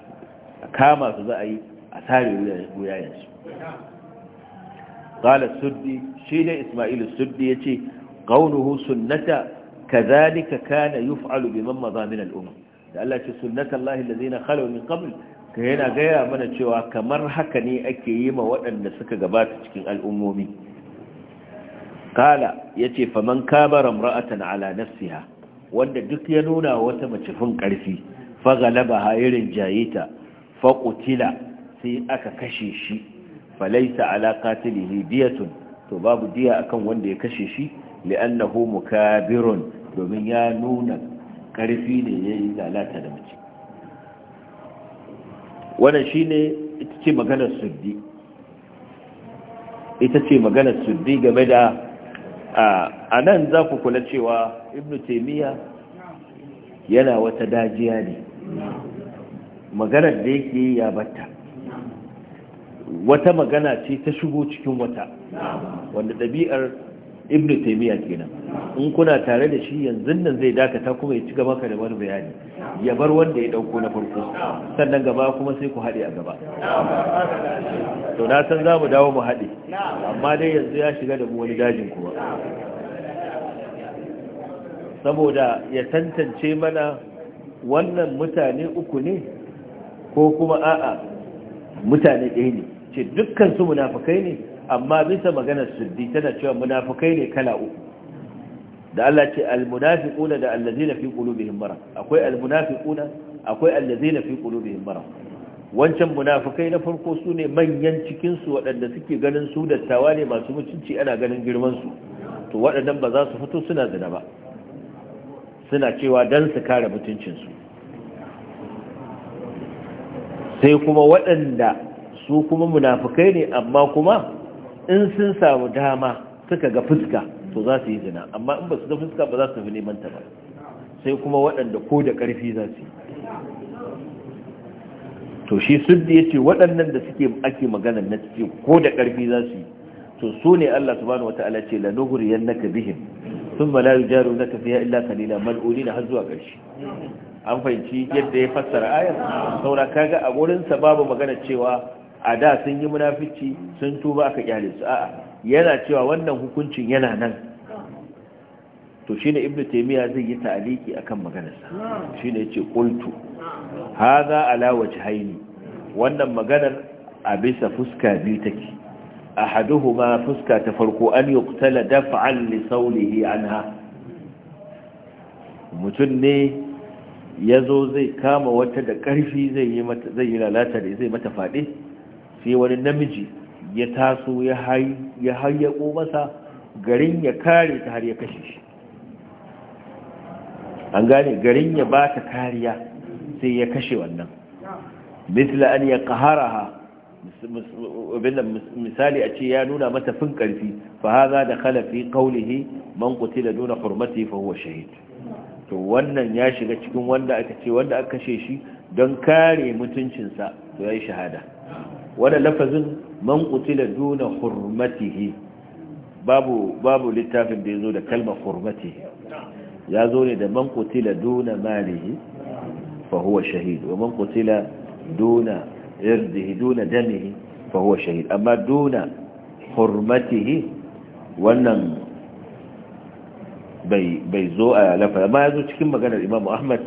kama su za a yi a tare wuyayensu ƙala suɗi shi ne ismailu suɗi ya ce ƙaunuhu sunnata ka zalika kana yi fa’alu bi man mazamin al’umma da Allah ce sunnata Allah ilazi na halau min ƙabul yana gaya mana cewa kamar haka ne ake yi ma waɗanda suka gabata cikin al’ummomi ƙala yace ce faman kamar amra'atan ala nafsiya wanda duk ya nuna wata mace fin ƙarfi fagalaba hairin jayita faƙutila sai aka kashe shi falaisa ala qatilihi diyatun to babu diya akan wanda ya kashe shi li'annahu mukabirun domin ya nuna ƙarfi ne ya yi lalata da mace wannan shi ita maganar suddi ita ce maganar suddi game da a nan za ku kula cewa ibnu taimiyya yana wata dajiya ne maganar da yake ya batta wata magana ce ta shigo cikin wata wanda ɗabi'ar ibnu taymiya kenan in kuna tare da shi yanzu nan zai dakata kuma ya ci gaba ka da wani bayani ya bar wanda ya dauko na farko sannan gaba kuma sai ku haɗe a gaba to na san za mu dawo mu haɗe amma dai yanzu ya shiga da wani dajin kuma saboda ya tantance mana wannan mutane uku ne ko kuma a'a mutane ɗaya ne ce dukkan su munafukai ne amma bisa maganar suddi tana cewa munafukai ne kala uku da Allah ce almunafiquna da allazina fi qulubihim marad akwai almunafiquna akwai allazina fi qulubihim marad wancan munafukai na farko sune manyan cikin su waɗanda suke ganin su dattawa ne masu mutunci ana ganin girman su to wadannan ba za su fito suna zina ba suna cewa dan su kare mutuncin su sai kuma waɗanda su kuma munafukai ne amma kuma in sun samu dama suka ga fuska to za su yi zina amma in ba su ga fuska ba za su fi neman ta ba sai kuma waɗanda ko da ƙarfi za su yi to shi da ya ce waɗannan da suke ake magana na cikin ko da ƙarfi za su yi to su ne Allah subhanahu wata'ala ce na yan naka sun thumma la yujaru naka tafiya illa mal'uli na har zuwa ƙarshe an fahimci yadda ya fassara ayar saura kaga a wurinsa babu magana cewa a da sun yi munafici sun tuba aka kyale su a'a yana cewa wannan hukuncin yana nan to shine ibnu taymiya zai yi ta'aliki akan maganarsa shine yace qultu hadha ala wajhaini wannan maganar a bisa fuska biyu take ahaduhuma fuska ta farko an yuqtala daf'an li sawlihi anha mutum ne yazo zai kama wata da karfi zai yi mata zai lalata da zai mata fade sai wani namiji ya taso ya hayyako masa garin ya kare ta har ya kashe shi an gane garin ya ba ta kariya sai ya kashe wannan misla an ya ƙaharaha misali a ce ya nuna mata fin ƙarfi fa haza da kalafi kaulihi man da nuna hurmati fa huwa shahid to wannan ya shiga cikin wanda aka ce wanda aka kashe shi don kare mutuncinsa to ya yi shahada wanda lafazin man qutila duna hurmatihi babu babu littafin da ya zo da kalmar hurmatihi ya zo ne da man qutila duna malihi fa huwa shahid wa man qutila duna irdihi duna damihi fa huwa shahid amma duna hurmatihi wannan bai zo a lafa amma ya zo cikin maganar imamu ahmad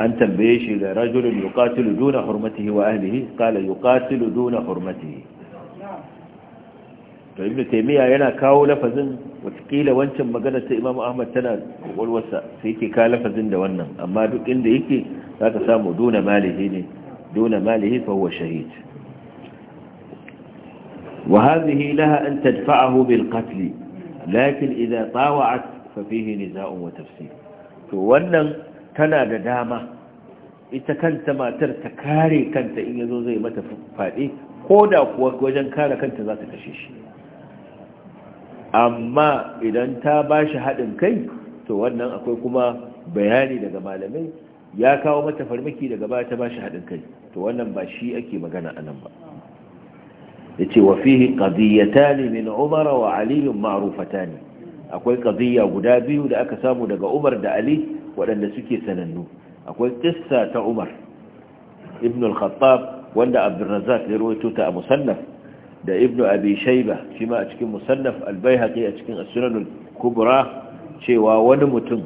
an tambaye shi da rajulun yuqatilu duna hurmatihi wa ahlihi qala yuqatilu duna hurmatihi to ibnu taymiya yana kawo lafazin watakila wancan magana ta imamu ahmad tana walwasa sai yake ka lafazin da wannan amma duk inda yake zaka samu duna malihi ne duna malihi fa huwa shahid وهذه لها lakin تدفعه بالقتل fa إذا طاوعت ففيه نزاع وتفسير فوانا tana da dama ita kanta matar ta kare kanta in yazo zai mata faɗi ko da kuwa wajen kare kanta za ta kashe shi amma idan ta ba shi haɗin kai to wannan akwai kuma bayani daga malamai ya kawo mata farmaki daga baya ta ba shi haɗin kai to wannan ba shi ake magana a nan ba ya ce wa fi ne min umara wa aliyun ma'arufata ne akwai ƙaziyya guda biyu da aka samu daga umar da ali waɗanda suke sanannu akwai kissa ta umar ibn al-khattab wanda abdurrazzak ya rawaito ta a musannaf da ibn abi shaiba shi ma a cikin musannaf al a cikin as-sunan al-kubra cewa wani mutum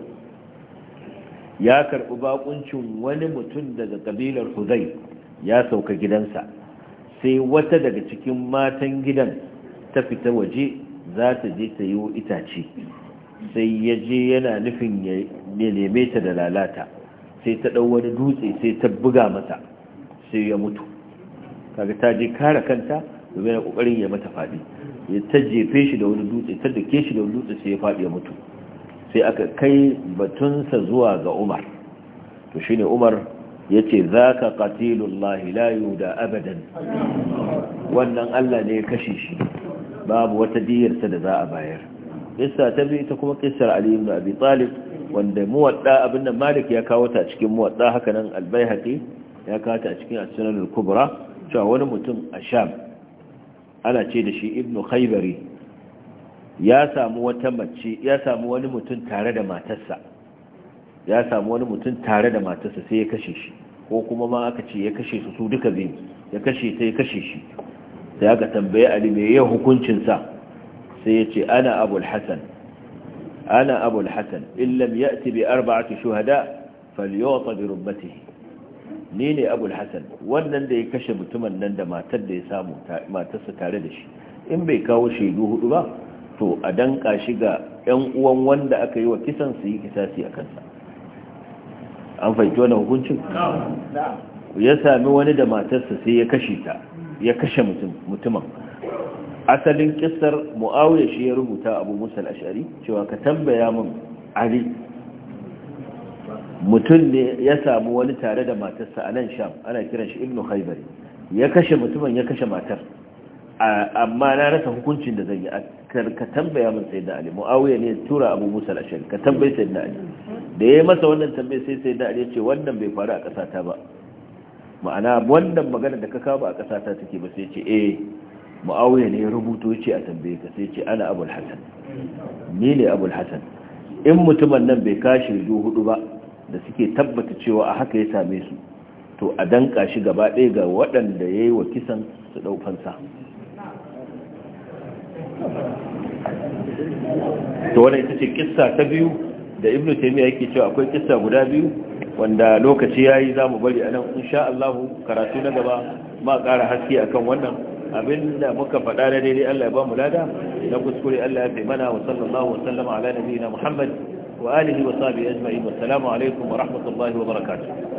ya karbi bakuncin wani mutum daga kabilar huzai ya sauka gidansa sai wata daga cikin matan gidan ta fita waje za ta je ta yi itace sai ya je yana nufin ya neme ta da lalata sai ta ɗau wani dutse sai ta buga masa sai ya mutu kaga ta je kare kanta domin kokarin ya mata faɗi ya ta jefe shi da wani dutse ta dake shi da wani dutse sai ya faɗi ya mutu sai aka kai batunsa zuwa ga umar to shine umar ya ce za ka katilullahi layu da abadan wannan allah ne ya kashe shi babu wata diyarsa da za a bayar kissa ta biyu ta kuma kissar Ali ibn Abi Talib wanda muwadda abin da Malik ya kawo ta cikin muwadda haka nan Al-Baihaqi ya kawo ta cikin As-Sunan al-Kubra cewa wani mutum a Sham ana ce da shi Ibn Khaybari ya samu wata mace ya samu wani mutum tare da matarsa ya samu wani mutum tare da matarsa sai ya kashe shi ko kuma ma aka ce ya kashe su su duka biyu ya kashe ta ya kashe shi sai aka tambaye Ali me ya hukuncin sa sai ya ce ana abul hasan ana abul hasan illam ya'ti bi arba'ati shuhada falyuta bi rubbatihi ni ne abul hasan wannan da ya kashe mutumin nan da matar da ya samu matarsa tare da shi in bai kawo shaidu hudu ba to a danka shi ga yan uwan wanda aka yi wa kisan su yi kisasi a kansa an fahimci wani hukuncin ya sami wani da matarsa sai ya kashe ta ya kashe mutumin asalin kissar mu'awiya shi ya rubuta abu musa al-ash'ari cewa ka tambaya min ali mutum ne ya samu wani tare da matarsa a nan sham ana kiran shi ibnu khaybar ya kashe mutumin ya kashe matar amma na rasa hukuncin da zan yi ka tambaya min sayyidina ali mu'awiya ne tura abu musa al-ash'ari ka tambayi sayyidina ali da yayi masa wannan tambaye sai sayyidina ali ya ce wannan bai faru a kasata ba ma'ana wannan magana da ka kawo a kasata take ba sai ce eh ma'awiyar ne rubuto ce a tambaye ka sai ce ana abul hasan ni ne abul hasan in mutumin nan bai kashi zuwa hudu ba da suke tabbata cewa a haka ya same su to a danka shi gaba ɗaya ga waɗanda ya yi wa kisan su ɗaukansa to wadda ita ce kissa ta biyu da ibn taimiyya yake cewa akwai kissa guda biyu wanda lokaci ya yi za mu bari a nan insha allahu karatu na gaba ma ƙara haske akan wannan abinda muka faɗa da daidai Allah ya ba mu lada na kuskure Allah ya fi mana wa sallallahu wa sallama ala nabiyina Muhammad wa alihi wa sahbihi ajma'in salamu alaikum wa rahmatullahi wa barakatuh